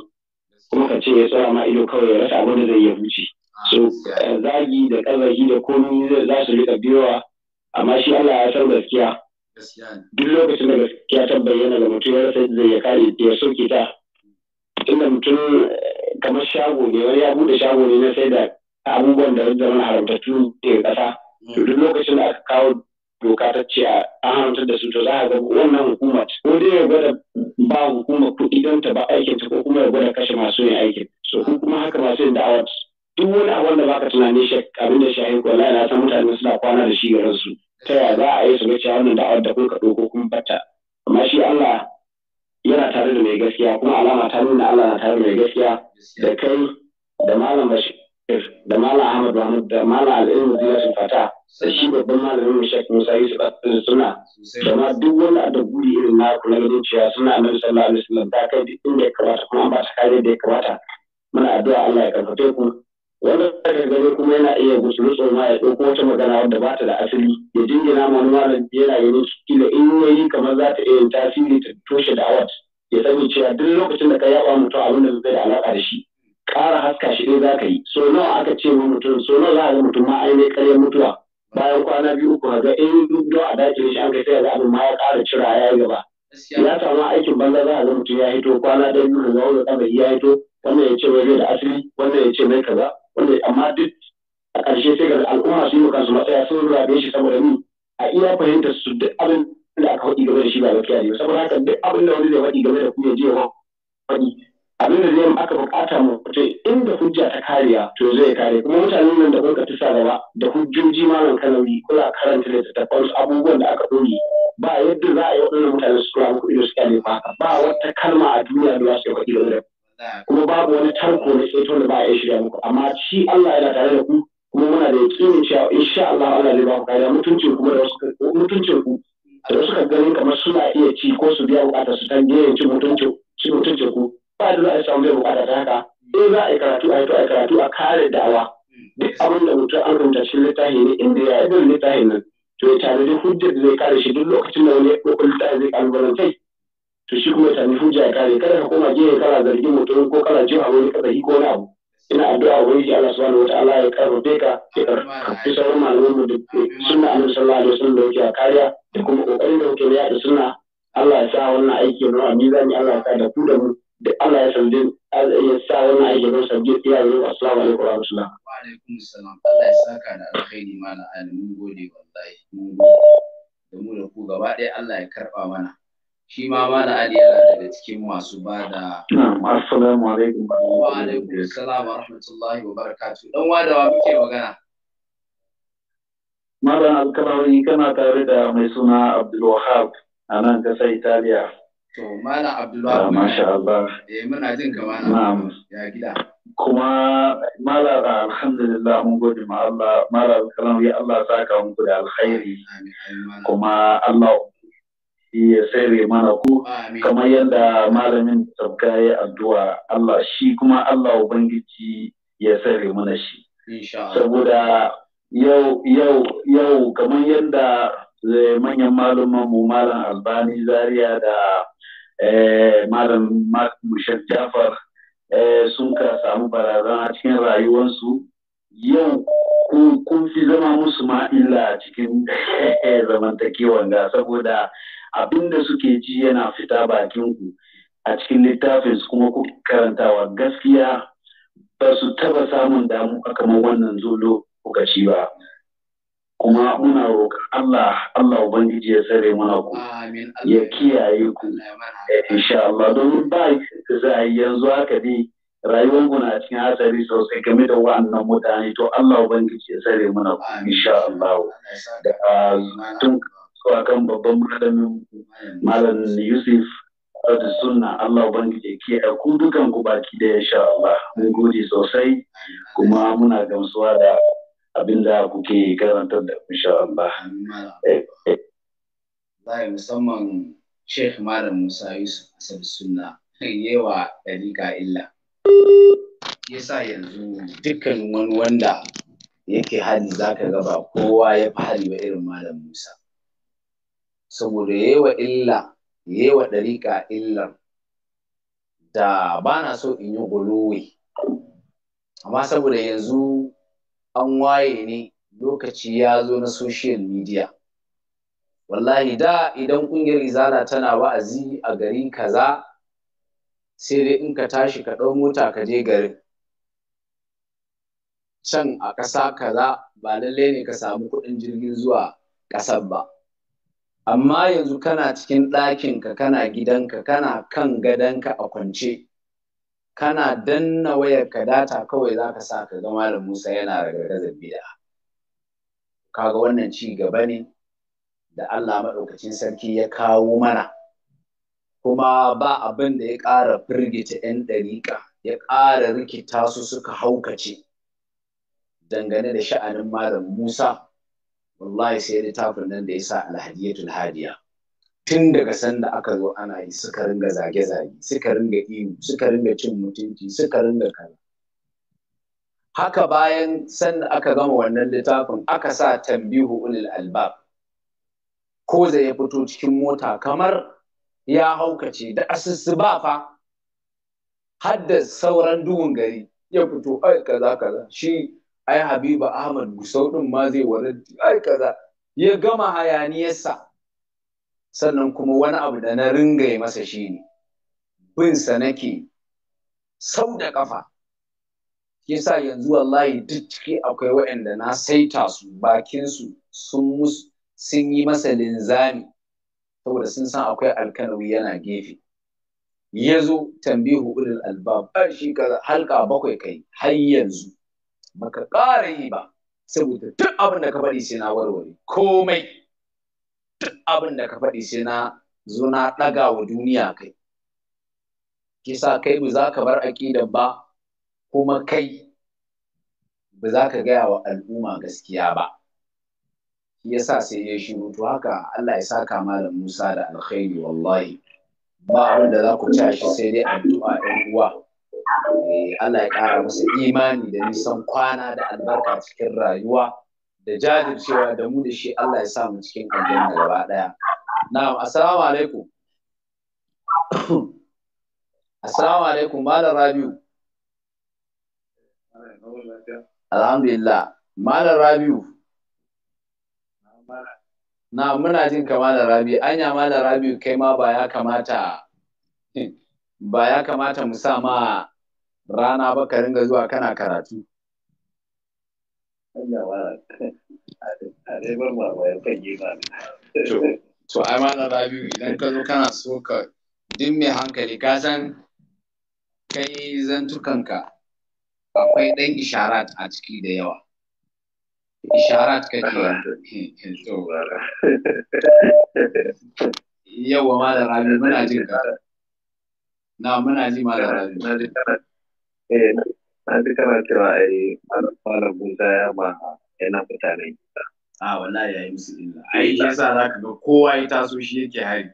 kuma ka ce ya tsara ma ido kawai ya rasa abin da zai yi huce so ah, eh, zagi da kazagi da komi za su rika biyowa amma shi Allah ya san gaskiya duk lokacin da gaskiya ta bayyana ga mutum ya rasa zai ya kare ya soke ta tunda mutum eh, kamar shago ne wani ya bude shago ne na sai da abubuwan da zama haramtattu ne kasa duk lokacin da aka kawo doka ta ce a hantar da su to za a ga wannan hukuma ko dai ya gwada ba hukuma kuɗi don ta ba aikin ta ko kuma ya gwada kashe masu yin aikin so kuma haka masu yin da'awar duk wani wanda da baka tunani shi abin da shi ayi ko na san mutane suna kwana da shi ga ransu. ta yaya za a yi su gaci wannan da'awar da kuka ɗauko kuma bata amma shi Allah yana tare da mai gaskiya kuma alama ta nuna Allah na tare da mai gaskiya da kai da malam Bashir da Malam Ahmad Mahmud da Malam Al'ilmu su Fata da shi babban malamin mu shek Musa Yusuf Abdul suna da ma duk wani adaburi irin na kula na zuciya suna Annabi sallallahu alaihi wasallam ta kai inda ya kamata kuma ba ta kare da ya kamata muna addu'a Allah ya karfafe ku wanda daga gani kuma yana iya gusuru ma ya ɗauko wata magana wadda ba ta da asali ya jingina ma wani malam yana ganin kila in yayi kamar za ta iya tasiri ta toshe da awat ya sani cewa duk lokacin da ka yaba mutum abin da zai da alaka da shi ƙara haska shi ne za ka yi so nawa aka ce wa mutum so nawa za a ga mutum ma ai mai ƙarya mutuwa bayan kwana biyu uku ga in duk don a dace shi an kai sai ga abin ma ya ƙara cira ya gaba ya samu aikin banza za a ga mutum ya hito kwana ɗaya biyu ga wani tsabari ya hito wannan ya ce mai zai da asiri wannan ya ce mai kaza wannan amma duk a ƙarshe sai ga al'umma su yi wa kansu matsaya sun rabe shi saboda ni a iya fahimtar su duk abin da aka faɗi game da shi ba gaskiya ne saboda haka duk abin da wani zai faɗi game da ku ya je ya faɗi abin da zai aka bukata mu mutum inda hujja ta kariya to zai kare kuma mutanen nan da kuka tusa gaba da hujjoji malam kalauri kula karanta ta su abubuwan da aka dore ba yadda za a yi waɗannan mutanen su kula kuɗi da su kyale ba ba wata kalma a duniya da za su yi faɗi da kuma babu wani tarko na ceto da ba a iya shirya muku amma shi Allah yana tare da ku kuma muna da yakinin cewa insha Allah Allah zai ba ku kariya mutuncin ku da wasu mutuncin ku da wasu ka ganin kamar suna iya ci ko su biya bukatar su ta biyan cin mutuncin ku ba da za a samu bai bukata ta haka in eh, za a yi karatu a yi to a yi karatu a kare dawa duk abin da mutum an rubuta shi littafi ne inda ya yi bin littafin nan to ya da hujjar da zai kare shi duk lokacin da wani ya ɗauko littafi zai kai? to shi kuma ya tanadi hujja ya kare kada ka koma gehe kana zargin mutum ko kana jiwa wani kasahi ko wani abu ina addu'a ubangiji Allah subhanahu wataala ya karfafe ka ya karfafi sauran malaman mu da sunna annabi sallallahu alaihi wasallam da yake a kariya da kuma kokarin da kuke na yaɗa sunna Allah ya sa wannan aiki ya zama mizani Allah ya sa da ku da mu da Allah ya sanje ya sa wannan aiki don sanje iya yi assalamu alaikum wa rahmatullah wa alaikum Salam! Allah ya saka da alkhairi mana alamin gode wallahi mun da mu da ku gaba ɗaya Allah ya karɓa mana shi ma mana ali yana daga cikin masu ba da assalamu alaikum wa alaikum assalam wa rahmatullahi wa barakatuh dan wadawa muke magana Malam Alkalawi kana tare da mai suna Abdul Wahab a nan ƙasar Italiya. To, Malam Abdullahi. Ah, masha Allah. Eh, muna jin ka Malam. Ya gida. Kuma Malam alhamdulillah mun gode ma Allah, Malam kalam ya Allah saka muku da alkhairi. Kuma Allah ya sare mana ku kamar yadda malamin sabka ya addu'a Allah shi kuma Allah ubangiji ya sare mana shi. Saboda yau yau yau kamar yadda eh, manyan malaman mu malam albani zaria da Eh, malam Mushar Jafar eh, sun ka samu barazan a cikin rayuwarsu yau kun fi zama musu ma'ila a cikin zamantakewan ga saboda abin da suke ji yana fita bakinku a cikin littafinsu kuma ku karantawa gaskiya ba su taba samun damu a kamar wannan kuka ci ba kuma muna roƙa Allah Allah ubangiji ya tsare mana ku ya kiyaye ku insha Allah don ba za yanzu haka ne rayuwar mu na cikin hatsari sosai game da wannan mutane to Allah ubangiji ya tsare mana ku insha Allah da tun zuwa kan babban malamin malam Yusuf da sunna Allah ubangiji ya kiyaye ku dukan ku baki da insha Allah mun gode sosai kuma muna gamsuwa da abinda kuke karantar da insha Allah. Zai eh, eh. musamman Sheikh Malam Musa Yusuf Asad Sunna yewa dalika illa. Yasa yanzu dukkan wani wanda yake hali zaka ga ba kowa ya fi hali ba irin Malam Musa. Saboda yewa illa, yewa dalika illar da ba na so in yi guluwi. Amma saboda yanzu an waye ne lokaci ya zo na social media wallahi da idan ƙungiyar izala tana wa'azi a gari kaza sai dai in ka tashi ka ɗau mota ka je garin can a ƙasa kaza ba lallai ne ka samu kuɗin jirgin zuwa ƙasar ba amma yanzu kana cikin ɗakinka kana gidanka kana kan gadanka a kwance kana danna wayar ka data kawai za ka sa ka ga malam Musa yana ragargazar bid'a kaga wannan ci gaba ne da Allah maɗaukacin sarki ya kawo mana kuma ba abin da ya ƙara firgita 'yan ɗariƙa ya ƙara rikita su suka haukace dangane da sha'anin malam Musa wallahi sai littafin nan da ya sa alhadiyatul hadiya tun daga sanda aka zo ana yi suka ringa zage-zage suka ringa ihu suka ringa cin mutunci suka ringa kaza haka bayan sanda aka gama wannan littafin aka sa tambihu ulil albab ko zai ya fito cikin mota kamar ya haukace da asusu ba fa har sauran duhun gari ya fito ai kaza kaza shi ai habiba ahmad gusau din ma zai wani ai kaza ya gama hayaniyarsa sannan kuma wani abu da na ringaye masa shi ne sa nake sau da ƙafa yasa yanzu wallahi duk ciki akwai waɗanda na saita su bakinsu sun sun yi masa linzami saboda sun san akwai alkanawi yana gefe ya zo tambihu ulul albab a shi halka bakwai kai har yanzu baka ƙara yi ba saboda duk abin da ka bari sai na warware komai duk abin da ka faɗi sai na zo na ɗaga wa duniya kai kisa kai ba za ka bar aƙidar ba kuma kai ba za ka gaya wa al'umma gaskiya ba shi yasa sai ya shiru to haka Allah ya saka malam Musa da alkhairi wallahi ba abin da za ku ci shi sai dai addu'a 'yan uwa eh, Allah ya ƙara musu imani da nisan kwana da albarka cikin rayuwa da jajircewa da mu da shi Allah ya sa mu cikin aljanna gaba daya na'am assalamu alaikum assalamu alaikum malam rabiu alhamdulillah malam rabiu na muna jin ka malam rabiu anya malam Rabi'u, kai ma ba ya kamata ba ya kamata mu sa ma rana ba ka ringa zuwa kana karatu To, ai mana rabiu idan ka zo kana so ka duk mai hankali ka san kai zantukanka akwai ɗan isharat a ciki da yawa. Isharat kake to. Yawa ma da rabiu muna jin ka. Na muna ji ma da rabiu. Eh, na kana a yi malam ya hmm. ma yana mutane gida a wallahi ya yi musu illa a yi kowa ya taso shi yake hari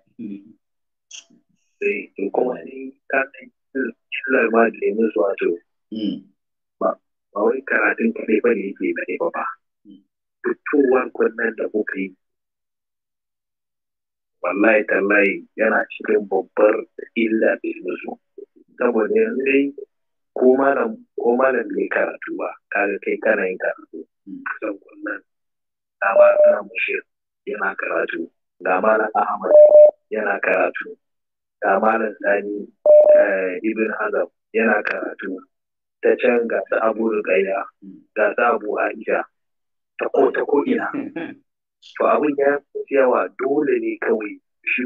sai to kuma ne ka san illar ma da nemi su to. ba wai karatun kaɗai ba ne yake ba ne ba da kuka yi wallahi tallahi yana cikin babbar illa da saboda yanzu ko malam ko malam bai karatu ba kaga kai kana yin karatu kusan kullum dama ana mushir yana karatu ga malam ahmad yana karatu ga malam sani eh, ibn azam yana karatu ta can ga su abu rugaya ga su abu aisha ta ko ta ko ina to abin ya yawa dole ne kawai shi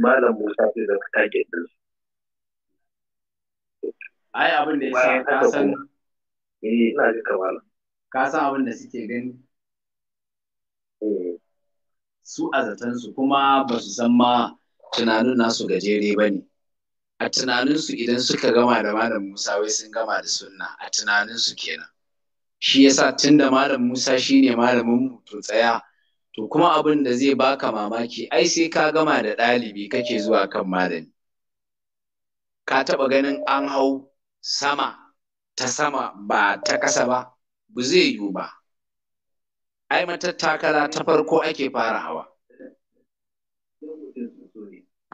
malam musa zai zama target ɗinsu ai abin da yasa ka san eh ina ji ka san abin da suke gani eh. su a zatansu kuma ba su san ma tunanin nasu gajere ba ne a tunaninsu idan suka gama da malam musa wai sun gama da sunna a tunaninsu kenan shi yasa tun da malam musa shi malamin mu to tsaya to kuma abin da zai baka mamaki ai sai ka gama da ɗalibi kake zuwa kan malami ka taɓa ganin an hau sama ta sama ba ta ƙasa ba ba zai yiwu ba ai matattakala ta farko ake fara hawa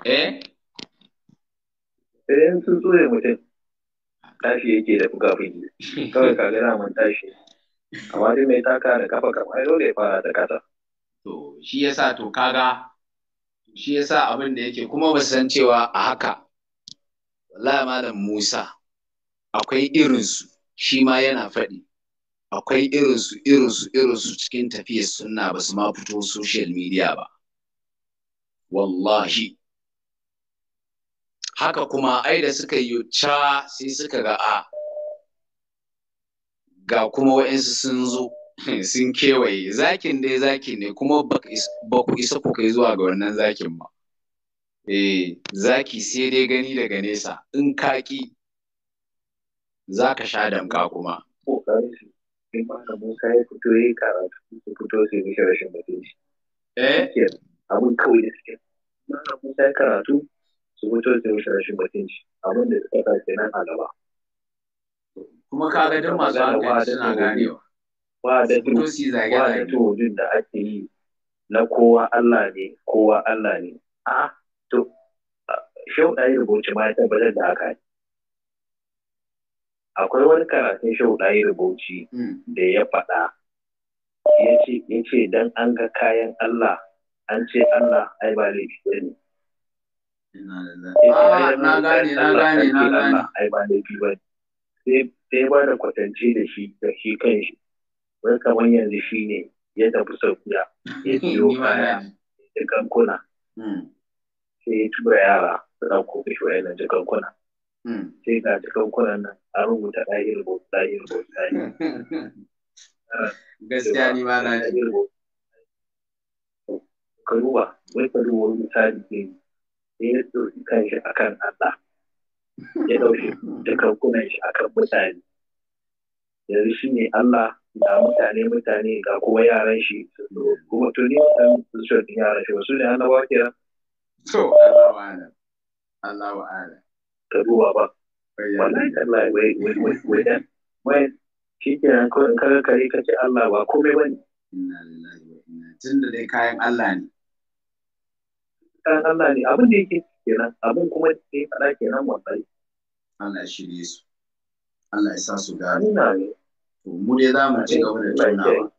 eh Eh, sun so mutum tashi yake da buga fuki kawai ka gana mun tashi amma duk mai taka da kafa kafa dole ya fara da kasa to shi yasa to kaga shi yasa abin da yake kuma ba san cewa a haka wallahi malam Musa akwai irinsu shi ma yana faɗi akwai irinsu irinsu irinsu cikin tafiyar sunna ba su ma fito social media ba wallahi haka kuma ai da suka yi ca sai suka ga a ga kuma waɗansu sun zo sun kewaye zakin dai zaki ne kuma ba ku isa ku kai zuwa ga wannan zakin ba eh zaki sai dai gani daga nesa in kaki za ka sha damka kuma. in ya fito eh? ya yi karatu su fito yi rashin mutunci. kawai da suke. Malamin musa ya karatu su fito su yi rashin mutunci. Abin da suka sa nan a gaba. Kuma ka ga duk masu hankali suna ganewa. Ba da fito su zage da da ake yi na kowa Allah ne, kowa Allah ne. A to, shauɗa ya rubuce ma ya tabbatar da haka ne. akwai wani karatun shau ɗayi da da ya faɗa ya ce don an ga kayan Allah an ce Allah ai ba laifi ba ne. Ah, na gane, na gane, na gane. Ai ba laifi ba ne. Sai ba da kwatance da shi da shi kan shi. Wai kamar yanzu shi ne ya tafi sauƙiya ya siyo kaya da kankuna. Hmm. Sai ya tura yara su ɗauko kashi wayannan jikankuna. sai ga ta kaukunan nan a rubuta ɗahir bot ɗahir bot gaskiya ni ma na ji ka duba wai ka duba wani misali ne ya ɗauki kanshi kan Allah ya ɗauki da kaukunan shi a kan mutane yanzu shi ne Allah ga mutane mutane ga kuma yaran shi kuma to ne san su yaran shi ba, su ne annabawa kenan to Allah wa'ala Allah wa'ala ruwa ba wallahi tallahi wai wai wai dan wai shi ke nan kaga kare ka ce Allah ba komai ba ne inna lillahi wa inna tun da dai kayan Allah ne kayan Allah ne abin da yake kenan abin kuma da ya faɗa kenan wallahi Allah ya shirye su Allah ya sa su gane to mu dai za mu ci gaba da tunawa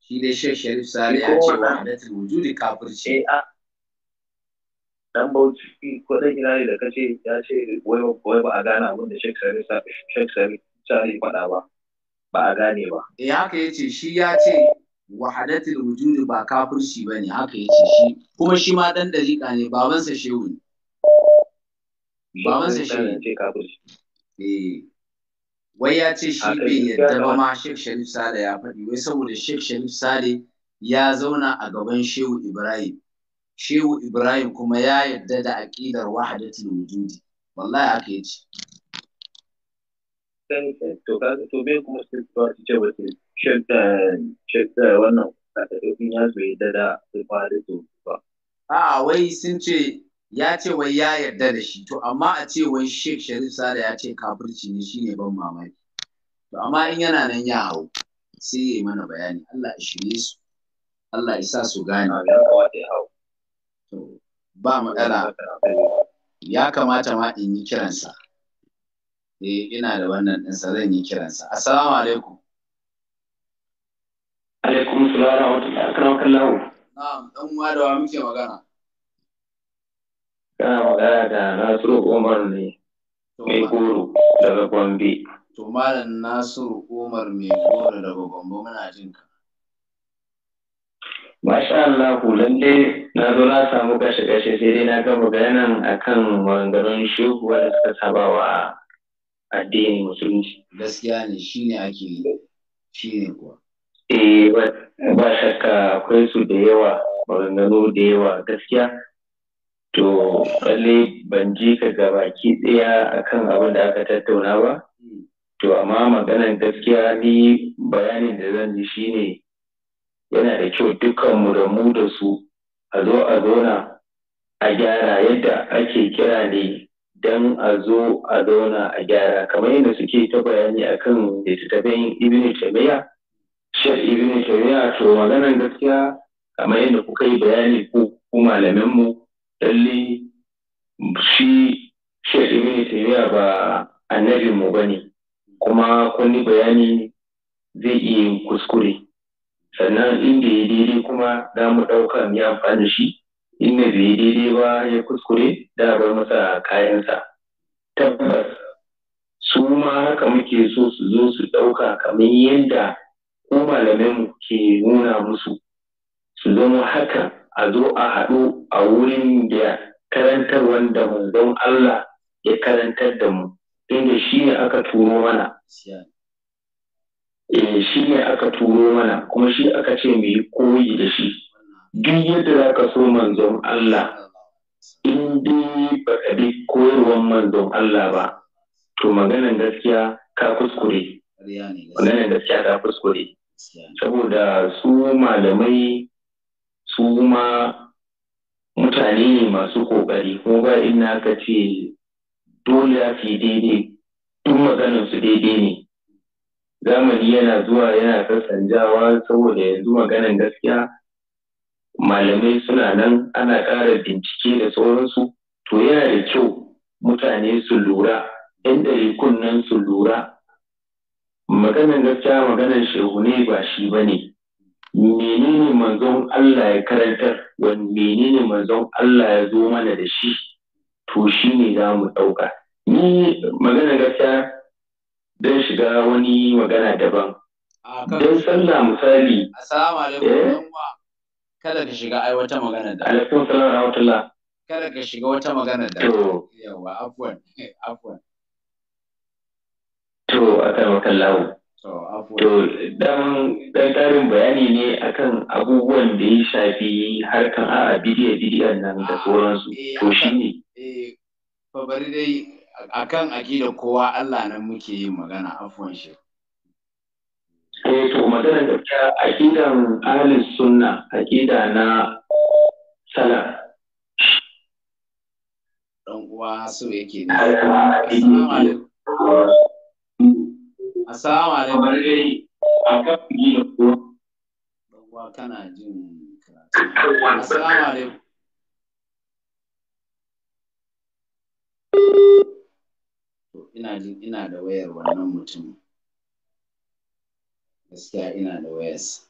shi dai Sheikh Sharif Sale ya ce wa hadatul wujudi kafirci eh dan bauchi ko dan ina ne da kace ya ce wai ba a gane abin da shek Sari Sheikh Sari faɗa ba ba a gane ba eh haka yace shi ya ce wahadatul wujud ba kafirci bane haka yace shi kuma shi ma dan dariƙa ne babansa shehu ne babansa shehu ne eh wai ya ce shi bai yadda ba ma shek Sharif Sale ya faɗi wai saboda shek Sharif Sale ya zauna a gaban Shehu Ibrahim shehu ibrahim kuma ya yarda da aƙidar wahadatul wujudi wallahi aka yace to kaga to me kuma sai ba su ce wace shadda eh, shadda eh, wannan kafin eh, ya zo yadda da wahadatul ba a wai sun ce ya ce wai ya yarda da shi to amma a ce wai Sheikh Sharif Sada ya ce kafirci ne shine ban mamaki to amma in yana nan ya hau sai ya yi mana bayani Allah ya shirye su Allah ya sa su gane ya hau ba matsala ya kamata ma in yi kiransa eh ina da wannan sa zan yi kiransa assalamu alaikum alaikum salam wa rahmatullahi na'am dan uwa da wa muke magana kana magana da Nasiru Umar ne mai goro daga Gombe to malam Nasiru Umar mai goro daga Gombe muna jin ka Masha Allah lalle na zo na samu kashe-kashe sai dai na gama bayanan akan maganganun shehu da suka saba wa addinin musulunci. Gaskiya ne shi ne ake yi, shi ne kuwa. Eh ba shakka akwai su da yawa maganganu da yawa gaskiya. To lalle ban ji ka baki ɗaya akan abin da aka tattauna ba. Hmm. To amma maganan gaskiya ni bayanin da zan ji shine yana da kyau mu da mu da su a zo a zauna a gyara yadda ake kira ne dan a zo a zauna a gyara kamar yadda suke ta bayani akan littattafan ibn tabiya shek ibn tabiya to maganar gaskiya kamar yadda kuka yi bayani ko malamin mu lalle shi shek ibn tabiya ba annabin mu bane kuma kun bayani zai iya kuskure sannan inda ya daidai kuma za mu ɗauka mu yi amfani da shi inda bai daidai ba ya kuskure da bar masa kayansa tabbas su ma haka muke so su zo su ɗauka kamar yadda ko mu ke nuna musu su zama haka a zo a haɗu a wurin da karantar wanda manzon Allah ya karantar da mu inda shi ne aka turo mana eh shi ne aka turo mana kuma shi aka ce mu yi koyi da shi duk yadda za ka so manzon Allah in dai ba ka bi koyarwar manzon Allah ba to maganan gaskiya ka kuskure maganan gaskiya ka kuskure saboda su malamai su ma mutane ne masu kokari kuma ba ina ka ce dole ya fi daidai duk maganan su daidai ne zamani yana zuwa yana sassanjawa saboda yanzu maganan gaskiya malamai suna nan ana ƙara bincike da sauransu to yana da kyau mutane su lura yan ɗarikun nan su lura maganan gaskiya maganan shehu ne ba shi ba ne menene manzon Allah ya karantar wani menene manzon Allah ya zo mana da shi to shi ne za mu ɗauka ni maganan gaskiya don shiga wani magana daban. Don sallah misali. Assalamu alaikum eh? wa. Kada ka shiga ai wata magana da. Alaikum salam wa rahmatullah. Kada ka shiga wata magana da. To. Yawwa, afwan afwan. To akan lawo. To dan dan karin bayani ne akan abubuwan da ya shafi harkan a bidiyar bidiyar nan da ah, sauransu. Eh, to shi ne. Eh fa bari dai akan aƙida kowa Allah nan muke yi magana afwan shi eh to da gaskiya aƙidan Suna sunna aƙida na salaf dan uwa so yake ne assalamu alaikum assalamu alaikum akan aƙida kowa dan uwa kana jin karatu assalamu alaikum ina jin ina da wayar wannan mutum gaskiya ina da wayarsa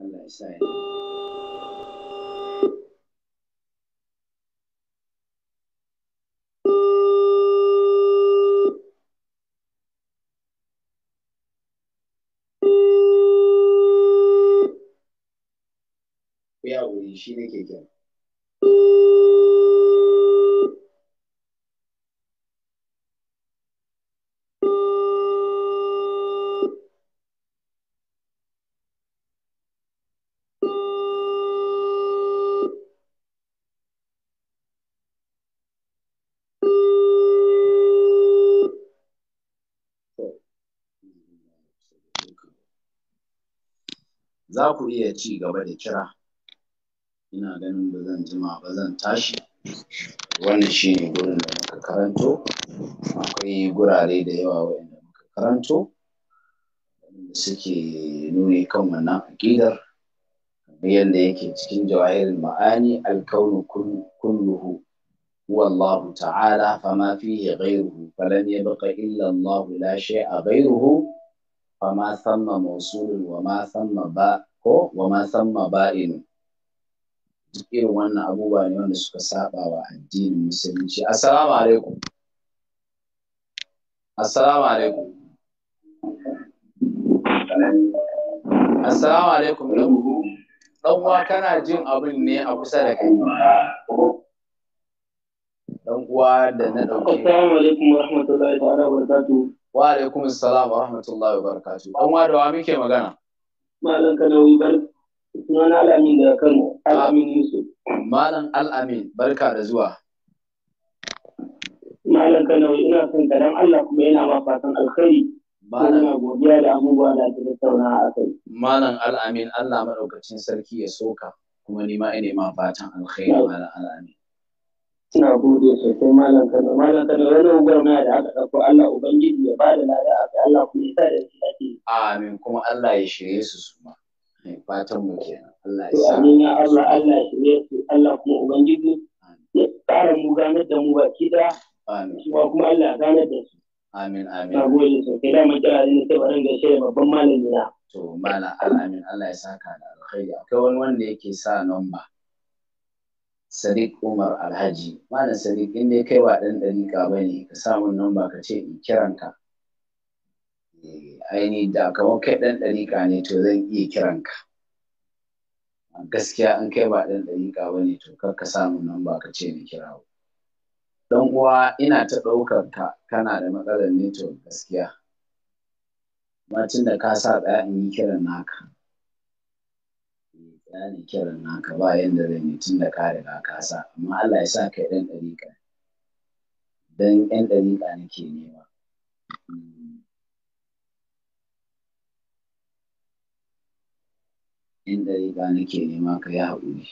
Allah ya sa ku ya wuri shi nake kira za ku iya ci gaba da kira ina ganin ba zan jima ba zan tashi wannan shi ne gurin da muka karanto akwai gurare da yawa waɗanda muka karanto da suke nuni kan wannan aƙidar kamar yadda yake cikin jawahirin ma'ani alkaunu kulluhu والله تعالى فما فيه غيره فلم يبق إلا الله لا شيء غيره فما ثم موصول وما ko باء وما ثم irin wannan abubuwa ne wanda suka saba wa addinin musulunci assalamu alaikum assalamu alaikum assalamu alaikum dan uwa kana jin abin ne a kusa da kai dan uwa da na dauke assalamu alaikum warahmatullahi ta'ala wabarakatuh wa alaikum assalam warahmatullahi wabarakatuh dan uwa da wa muke magana malam kanawi barka Sunana Al'amin daga Kano, Al'amin Yusuf. Malam Al'amin, barka da zuwa. Malam Kano, ina son ka don Allah kuma yana ma fatan alkhairi. Malam godiya da abubuwa da ake tattauna a kai. Malam Al'amin, Allah maɗaukacin sarki ya soka kuma ni ma ina ma fatan alkhairi Malam Al'amin. Ina gode sosai Malam Kano, Malam Kano wani gwamna da aka ɗauko Allah Ubangiji ya ba da lada a Allah kuma ya sa da shi ake. Amin kuma Allah ya shirye su su ma. fatan mu kenan Allah ya sa ya Allah Allah ya shirye su Allah kuma ubangiji ya ƙara mu ganar da mu baki da kuma kuma Allah ya ganar da su amin amin nagode sosai da mun kira ne sai barin gaishe da babban malami na to malam alamin Allah ya saka da alkhairi akwai wani wanda yake sa namba Sadiq Umar Alhaji Malam Sadiq in dai kai ba dan dariƙa bane ka sa mun namba ka ce in kiranka aini da kamar kai ɗan ɗariƙa ne to zan iya kiranka gaskiya in kai ba ɗan ɗariƙa ba ne to kar ka samu nan ba ka ce ni kira Ɗan uwa ina ta ɗaukar ka kana da matsalar ne to gaskiya Martin da ka sa ɗaya in yi kiran naka ɗaya ne kiran naka ba yanda zan yi tun da ka riga ka sa amma Allah ya sa kai ɗan ɗariƙa don ɗan ɗariƙa nake nema 'yan ɗariƙa nake nema ka yi haƙuri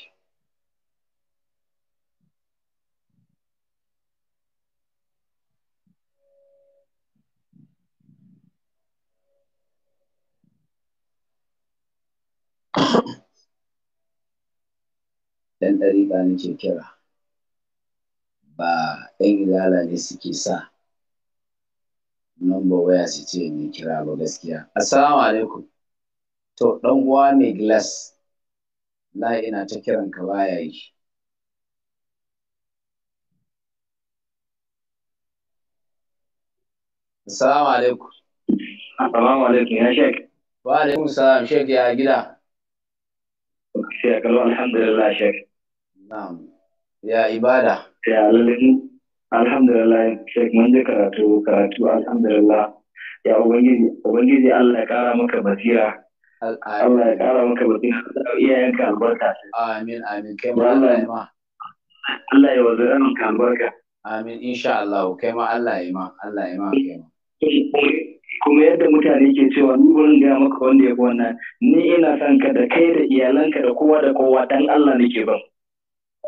ɗan ɗariƙa nake kira ba ɗan ilala ne suke sa number waya su ce mai kira ba gaskiya assalamu alaikum to ɗan uwa mai glass na ina ta kiran ka baya yi Assalamu alaikum. Assalamu alaikum ya shek. Wa alaikum salam shek ya gida. Shek alhamdulillah shek. Na'am. Ya ibada. Ya lalle alhamdulillah shek mun ji karatu karatu alhamdulillah. Ya ubangiji ubangiji Allah ya kara maka basira Allah ya kara maka mutum iyayenka albarka. Amin amin kai ma Allah ya ma. Allah ya wazirin ka albarka. Amin insha Allah kai ma Allah ya ma Allah ya ma Kuma yadda mutane ke cewa ni gurin gaya maka wanda ya fi wannan ni ina son ka da kai da iyalanka da kowa da kowa dan Allah nake ban.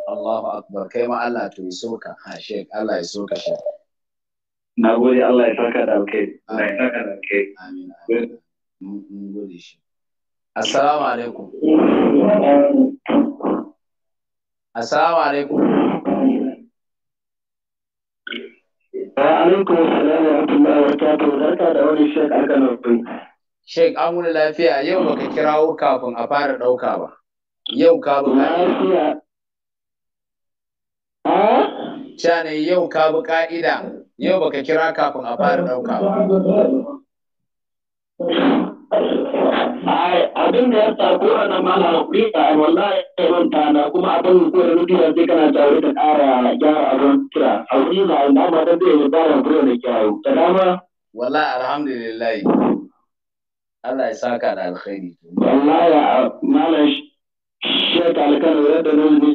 Allahu akbar kai ma Allah to ya soka ha shek Allah ya soka shek. Na gode Allah ya saka da alkai. Na ya saka da alkai. Amin. Mun gode shi. Assalamu alaikum. Assalamu alaikum. Wa alaikum assalam wa rahmatullahi wa barakatuh. Barka da wani shek aka nufi? Shek an wuni lafiya yau baka kirawo kafin a fara ɗauka ba. Yau ka bi ka'ida. Lafiya. yau ka bi ka'ida. Yau baka kira kafin a fara ɗauka ba. abin da ya sako a nan mala hakuri a wallahi ya manta na kuma abin ko da mutum ya sai kana tare da ƙara gyara abin kira hakuri na inda ma da zai yi gyara kura da kyau. da dama Wala alhamdulillah Allah ya saka da alkhairi wallahi mala shek alkano yadda nan ne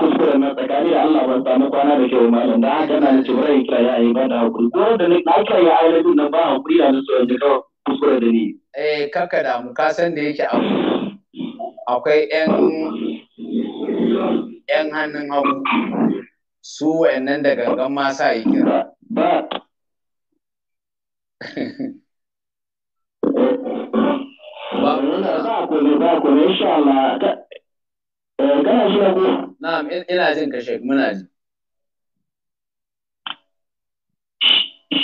kuskure na tsakani da Allah ban samu kwana da kyau malam da haka na ci bari kira ya yi ban da hakuri ko da na kira ya ayyana nan ba hakuri da su yanzu kawai Ee, da ni eh, damu ka san da yake akwai yan yan hannun suwa su wayannan da gangan ma sa yi kira ba ba eh, jin muna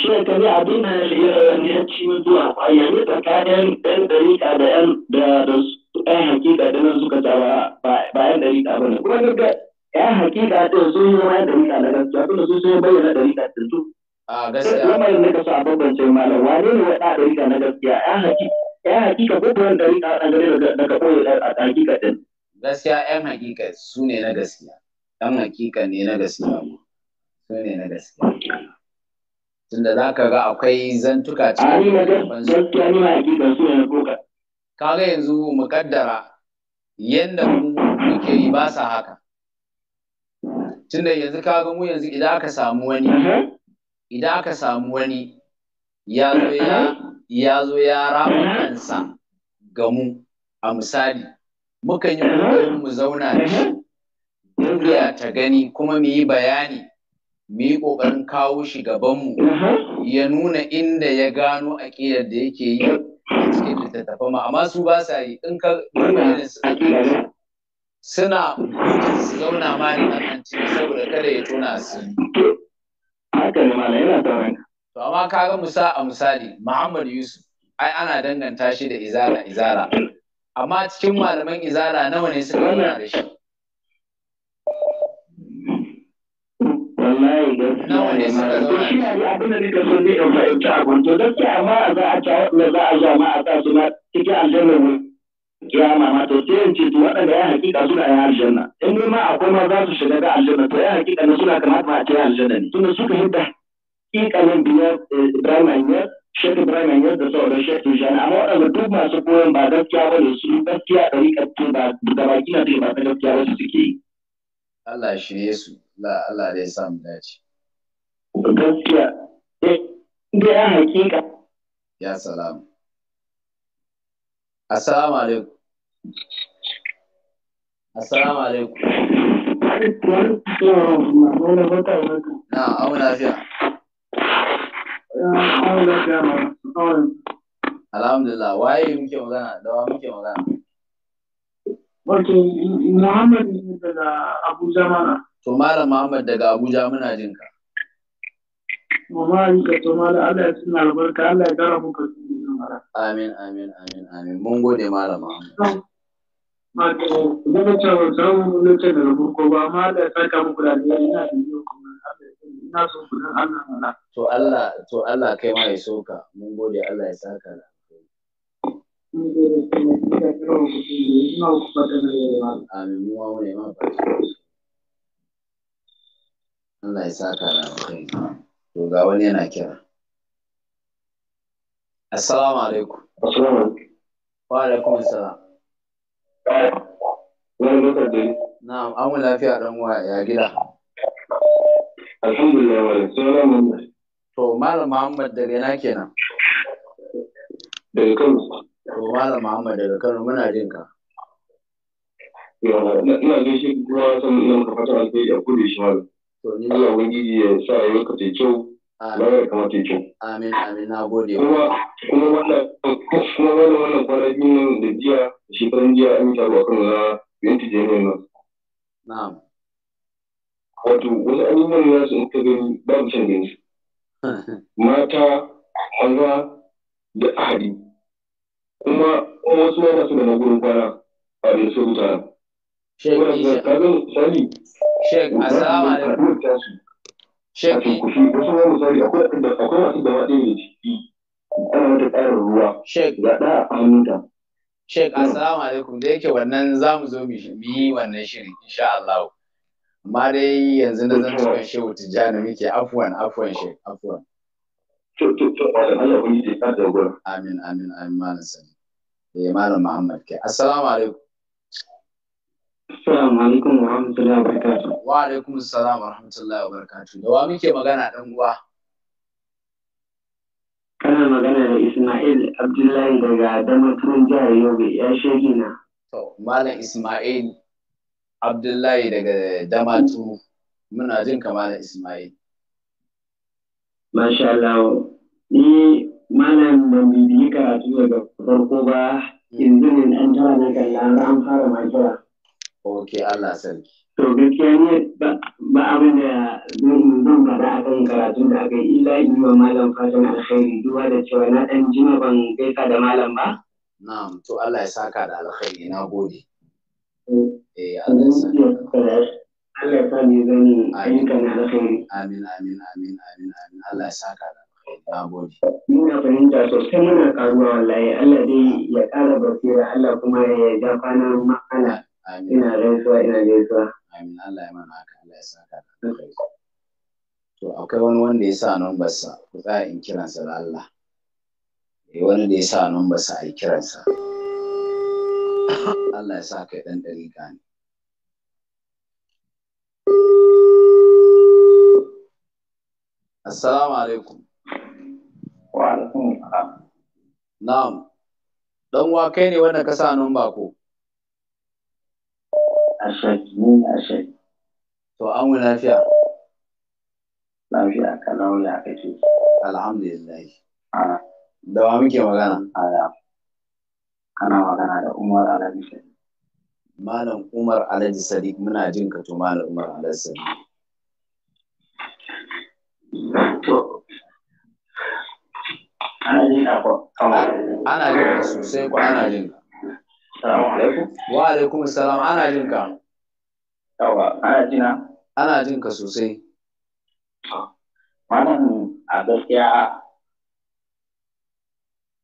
suna kare abin da ya ci zuwa a yanzu tsakanin ɗan ɗarika da ɗan hakika da nan suka tawa ba ɗan ɗarika ba ne kuma duk ɗan hakika ɗin sun yi wani ɗarika da gaskiya abin su sun bayyana ɗarika ɗin su. a gaskiya lamarin da ka sa bambance malam wane ne wata ɗarika na gaskiya ɗan hakika ɗan hakika ko ɗan ɗarika a ɗangare daga ɓoye a hakika ɗin. gaskiya ɗan hakika su ne na gaskiya ɗan hakika ne na gaskiya su ne na gaskiya. tunda za ka ga akwai zantuka cikin kaga yanzu mukaddara yadda mu muke yi ba sa haka tunda yanzu kaga mu yanzu idan aka samu wani idan aka samu wani ya zo ya ya zo ya kansa ga mu a misali mukan yi ƙoƙarin mu zauna da shi ta gani kuma mu yi bayani mu yi ƙoƙarin kawo shi gabanmu ya nuna inda ya gano aƙidar da yake yi a cikin littattafan mu amma su ba sa yi in ka nuna irin su suna gudun su zauna ma da nan saboda kada ya tona su haka ne malam yana tauran to amma ga musa a misali Muhammad Yusuf ai ana danganta shi da izara izara amma cikin malaman izara nawa ne suka yi da shi wallahi gaskiya ne mara to shi ne abin da nika so ne in fahimci abin to gaskiya amma za a ta waɗanda za a zo ma a sa su ma cikin aljanna mu kiyama ma to sai in ce to waɗanda ya hakika suna ya aljanna in ne ma akwai ma za su shiga da aljanna to ya hakika na suna kamata a ce aljanna ne tunda suka hidda hakikanin biyar eh, Ibrahim Anyar Sheikh Ibrahim Anyar da sauran Sheikh Tijjani amma waɗanda duk masu koyon ba gaskiya ba ne su gaskiya ɗari ƙarfi ba da baki na ba ta gaskiya ba su suke yi. Allah shirye su Allah dai sa mu dace gaskiya eh, dai an hakika ya salamu assalamu alaikum assalamu alaikum na auna lafiya alhamdulillah waye muke magana da wa muke magana Wato Muhammad daga Abuja mana. To Malam Muhammad daga Abuja muna jin ka. Mamari ka to Malam Allah ya tuna albarka Allah ya gara muka Amin amin amin amin mun gode Malam Muhammad. Mato zama cewa samun lokacin da rabu ko ba ma da saka muku da Allah ina da yau ina so ku dan Allah mana. To Allah to Allah kai ma ya soka mun gode Allah ya saka da. Amin mu ma muna ma Allah ya saka da alkhairi. To ga wani yana kira. Assalamu alaikum. Assalamu alaikum. Wa alaikum assalam. Wani bakar dai. Na'am, an mu lafiya dan uwa ya gida. Alhamdulillah wa sunan Muhammad. To Malam Muhammad daga ina kenan? Daga kan To Malam Muhammad daga Kano muna jin ka. Ina gaishe kuma san ina maka fatan alheri a kudu shi malam. To ni Allah ubangiji ya sa rayuwarka ta kyau. Amin. kamar ta kyau. Amin amin na gode. Kuma kuma wannan kuma wannan wannan kwana biyu da jiya shekaran jiya an yi taro akan na Binti Jami'in nan. Na'am. Wato wani abubuwan da su in ka gani babu can gani. Mata, maza da ahadi. kuma wasu ma masu a da su rubuta Assalamu alaikum. da a yake wannan za mu zo mu yi wannan shiri insha Allah. Amma dai yanzu na zan tuka shehu tijjani muke afuwan afuwan sheikh afuwan. Amin amin amin malam sani. eh malam Muhammad kai assalamu alaikum Assalamu alaikum wa rahmatullahi wa barakatuh. Wa alaikum assalam wa rahmatullahi wa barakatuh. Da wa muke magana dan uwa? Kana magana da Ismail Abdullahi daga Damaturu jihar Yobe ya shege na. To, Malam Ismail Abdullahi daga Damaturu muna jin ka Malam Ismail. Masha Allah. Ni malam ban bibiyi karatu daga farko ba yanzu ne an tara na kalla an fara kira. Ok Allah sarki. To gaskiya ne ba abin da zan faɗa a akan karatun da aka yi illa in yi malam fatan alkhairi duwa da cewa na ɗan jima ban gaisa da malam ba. Na'am to Allah ya saka da alkhairi na gode. Eh, eh Allah ya saka. Allah sa ni zan ayyukan alkhairi. Amin amin amin amin amin Allah ya saka da Muna fahimta sosai muna karuwa wallahi Allah dai ya ƙara basira Allah kuma ya ja kwanan ma'ana ina gaisuwa ina gaisuwa. Amin Allah ya mana haka Allah ya sa ka To akwai wani wanda ya sa numbarsa ku tsaya in kiransa da Allah. Akwai eh, wani da ya sa numbarsa a yi kiransa. Allah ya sa ka ɗan ɗari gane. Assalamu alaikum. Wa alaikum salam. Na'am. Dan wa kai ne wanda ka sa nan bako. Ashaki ne ashaki. To an mu lafiya. Lafiya ka lauya kake. Alhamdulillah. Ah. da wa muke magana? A kana magana da Umar Alhaji Sadiq. Malam Umar Alhaji Sadiq muna jin ka to Malam Umar Alhaji Sadiq. ana jin ka sosai ko ana jin ka wa alaikum salam ana jin ka yawa ana jina ana jin ka sosai Wannan a gaskiya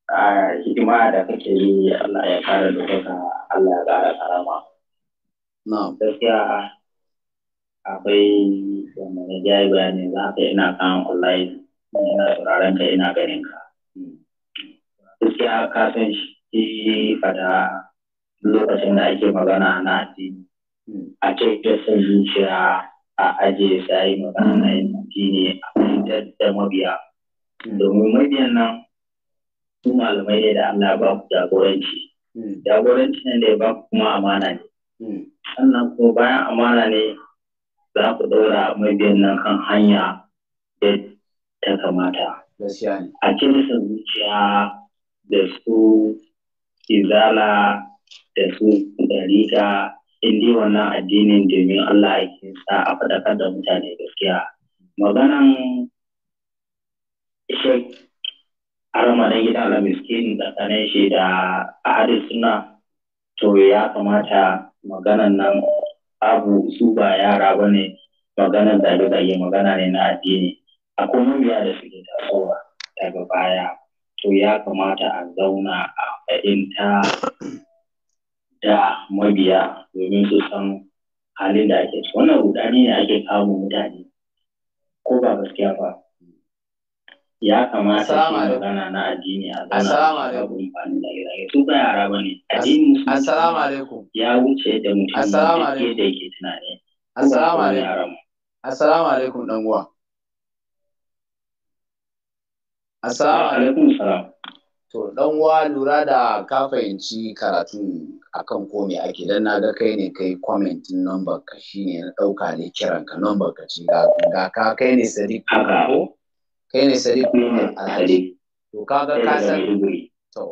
a hidima da kake yi Allah ya kare dokaka Allah ya kare karama na gaskiya akwai wanda ya yi bayani za ka ina kan online ina sauraron ka ina ganin ka gaskiya ka san shi fada lokacin da ake magana na addini a ce da son zuciya a aje sai magana na yin addini a fitar da mabiya domin mabiyan nan su malamai ne da Allah ba ku jagoranci jagoranci ne da ya ba ku kuma amana ne sannan kuma bayan amana ne za ku ɗora mabiyan nan kan hanya da ta kamata a cikin zuciya da su izala da su dariƙa in dai wannan addinin domin Allah ake sa a faɗakar da mutane gaskiya maganan shek gida gidan alamiskin tsakanin shi da ahadin suna to ya kamata maganan nan abu su ba yara ba ne maganan zage magana ne na addini akwai mabiya da suke tasowa daga baya to ya kamata a zauna a fahimta da mabiya domin su san halin da ake ciki wannan rudani ne ake kawo mutane ko ba gaskiya ba ya kamata su magana na addini a zauna a amfani da iraye su ba yara ba ne addini musulunci ya wuce da mutum ya ke da tunani assalamu alaikum assalamu alaikum dan uwa Assalamu alaikum salam. To dan wa lura da ka fahimci karatu akan komai me ake dan na ga kai ne kai comment number ka shine na dauka ne kiran ka number ka ce ga ka kai ne Sadiq haka ko kai ne Sadiq ne mm, Alhaji to kaga ka san to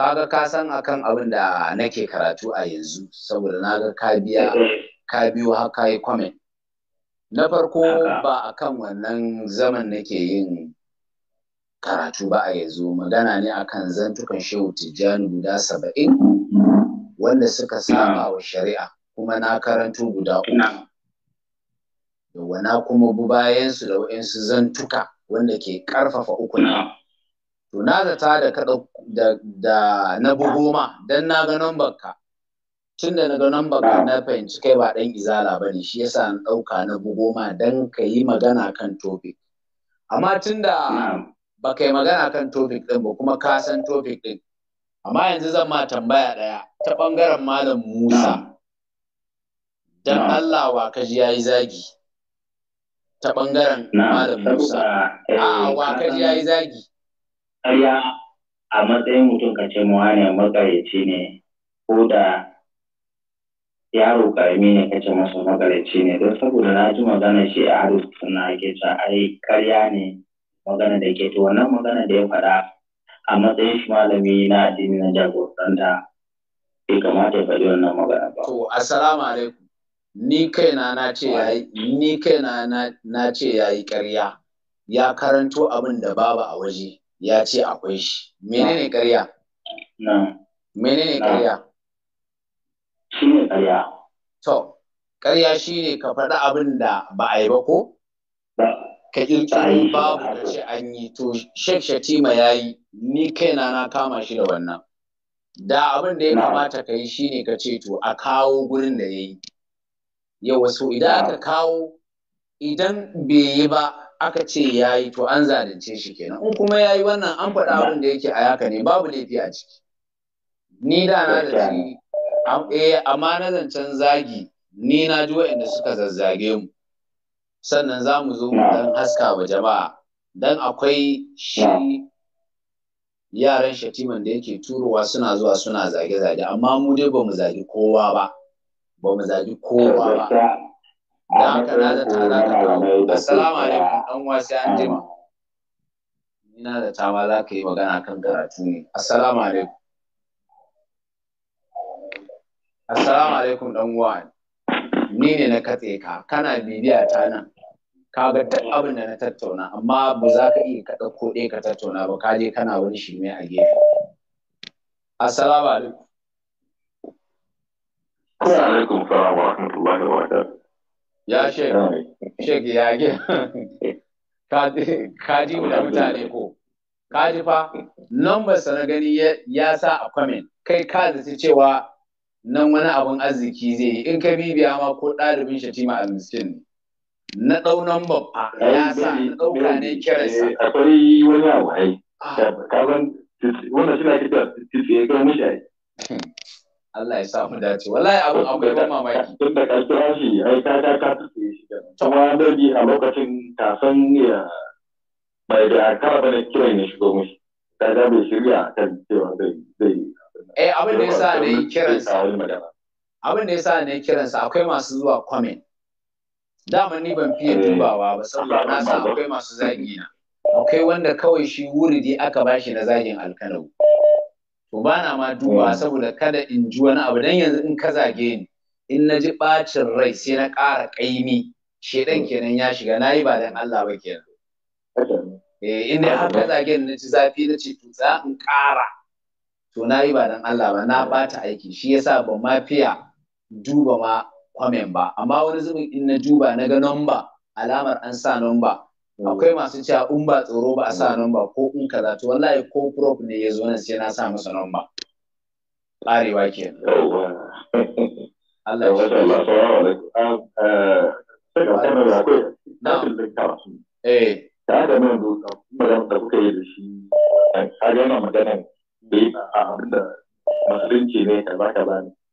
kaga ka san akan abin da nake karatu a yanzu saboda na ga ka biya eh, eh. ka biyo har ka yi comment na farko ba akan wannan zaman nake yin karatu ba a yanzu magana ne akan zantukan shehu tijjani guda saba'in wanda suka sama wa shari'a kuma na karanto guda uku yawa na kuma bu bayansu da wa'insu zantuka wanda ke karfafa uku na to na zata da kada da, da na bugoma dan na ga number ka tun da na ga number ka na fahimci kai ba dan izala bane shi yasa na dauka na bugoma dan ka yi magana kan topic amma tun da ba kai magana kan topic ɗin ba kuma ka san topic ɗin amma yanzu zan ma tambaya ɗaya ta ɓangaren malam musa dan Allah wa ka ji yayi zagi ta ɓangaren malam musa eh, a wa ka ji yayi zagi aya a matsayin mutum ka ce mu wane makareci ne ko da yaro karami ne kace masa magareci ne don saboda na ji magana shi a haru suna ke cewa ai karya ne maganar da yake to wannan maganar da ya faɗa a matsayin shi malami na addini na jagoranta bai kamata ya faɗi wannan magana ba. To assalamu alaikum. Ni kaina na ce yayi ni kaina na ce yayi ƙarya. Ya karanto abin da babu a waje ya ce akwai shi. Menene ƙarya? Na. Menene ƙarya? Shi ne ƙarya. To, ƙarya shi ne ka faɗi abin da ba a yi ba ko? Ba. ka kirkiro babu da ce an yi to Sheikh Shatima ya yi ni kaina na kama shi da wannan da abin da ya kamata ka yi shine ka ce to a kawo gurin da ya yi yawa so idan aka kawo idan bai yi ba aka ce ya yi to an zalunce shi kenan in kuma ya yi wannan an faɗa abin da yake a yaka ne babu laifi a ciki ni da na da shi eh, amma na zancen zagi ni na ji waɗanda suka zazzage mu sannan za mu zo mu dan haska wa jama'a dan akwai shi yaran shatiman da yake turowa suna zuwa suna zage-zage amma mu dai ba mu zagi kowa ba ba mu zagi kowa ba da haka na da tara da kawo assalamu alaikum dan wasi an jima ina da tama za ka yi magana kan karatu ne assalamu alaikum assalamu alaikum dan uwa ni ne na katse ka kana bibiya ta nan kaga duk abin da na tattauna amma ba za ka iya ka ɗauko ɗaya ka tattauna ba ka je kana wani shi mai a gefe assalamu alaikum alaikum salam wa rahmatullahi wa barakatuh ya shek shek ya ge ka ji da mutane ko ka ji fa number sa na gani ya sa a comment kai ka su cewa nan wani abun arziki zai yi in ka bibiya ma ko ɗalibin shatima a miskin ne na ɗaunan babba ah, ya sa na dauka ne kiransa. Eh, akwai wani abu ai, ah. kaban wannan shi na kita titi ya eh, kan mishi Allah ya sa mu dace, wallahi abu akwai ban mamaki. Tun da ƙarfi rashi ai ka ta ka tutse eh, shi Kuma dabi a lokacin kafin ya bai da kar bane kiran ya shigo mishi. Ta da bai shirya kan cewa zai zai. Eh abin da ya sa kiransa. Abin da yasa ne kiransa akwai masu zuwa comment. dama ni ban fiye eh. dubawa ba saboda na san akwai masu zagi na akwai wanda kawai shi wuridi aka ba shi na zagin alkalau to ba na ma duba hmm. saboda kada in ji wani abu dan yanzu in ka zage ni in na ji bacin rai sai na ƙara ƙaimi shedan hmm. kenan ya shiga na yi ba dan Allah ba kenan eh in dai har ka zage ni na ci zafi na ce to za in ƙara to na yi ba dan Allah ba na ɓata aiki shi yasa ban ma fiya duba ma comment ba amma wani zubin in na juba na ga number alamar an sa number akwai masu cewa in ba tsoro ba a sa number ko in kaza to wallahi ko prop ne ya zo nan sai na sa masa number ƙarewa ke Allah ya shi. Um, eh, eh. Ta da nan magana da kuka yi da shi, eh, ka gana maganan da yi a abin da musulunci ne ka za ka bani.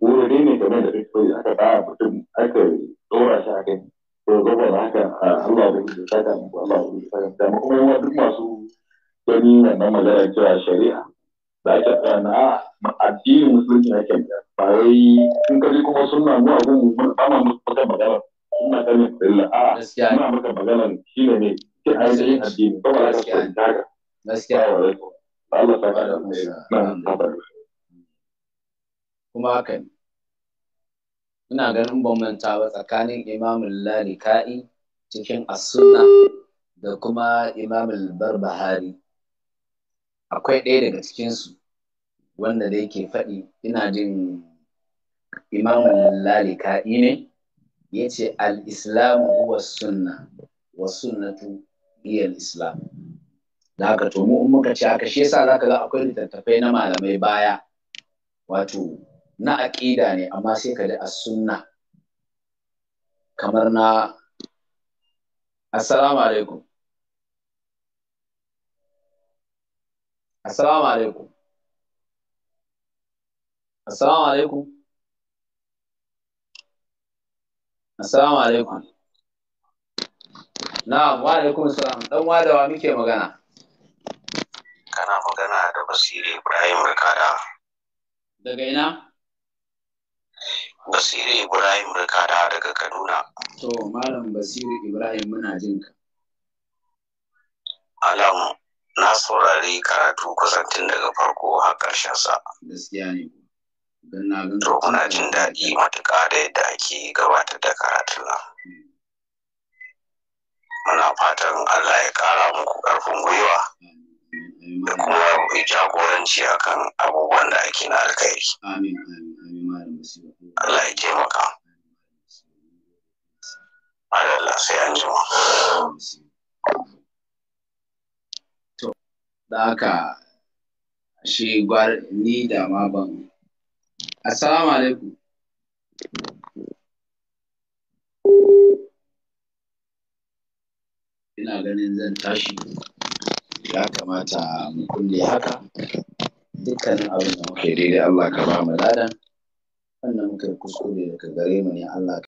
wurare ne game da duk wani aka ba mutum aka dora shi a kai to zaba da haka Allah da ke saka muku Allah da ke saka da kuma duk masu gani wannan magana cewa shari'a da ake na addinin musulunci ake ba wai in kaji kuma suna mu abun mu ba ma maka magana ina ganin illa a ina maka magana shi ne ne ke ainihin addini ba ba ka fahimta ka gaskiya Allah ta ba da mu na kuma haka ne ina ganin bambanta ba tsakanin imamul lalika'i cikin as-sunna da kuma imamul barbahari akwai ɗaya daga cikinsu wanda da yake faɗi ina jin imamul lalika'i ne yace ce al-islamu huwa sunna wa sunnatu hiya islam da haka to mu muka ce haka shi yasa zaka ga akwai littattafai na malamai baya wato na aƙida ne amma sai ka da a sunna kamar na assalamu alaikum assalamu alaikum assalamu alaikum assalamu alaikum na'am wa alaikum salam dan wadawa muke magana kana magana da basiri ibrahim rikada daga ina Basiru Ibrahim Rikada daga Kaduna. To, Malam Basiru Ibrahim muna jin ka. Alam, na saurari karatu kusantin daga farko har ƙarshen Gaskiya To, muna jin daɗi matuƙa da yadda ake gabatar da karatun nan. Muna fatan Allah ya ƙara muku ƙarfin gwiwa. Da kuma ya jagoranci akan abubuwan da ake na alkhairi. Amin, amin, amin, Malam Allah ya taimaka Allah sai an jima to da haka shi gwar ni da ma ban assalamu alaikum ina ganin zan tashi ya kamata mu kulle haka dukkanin abin da muke daidai Allah ka ba mu ladan wannan muka kuskure daga gare mu ne Allah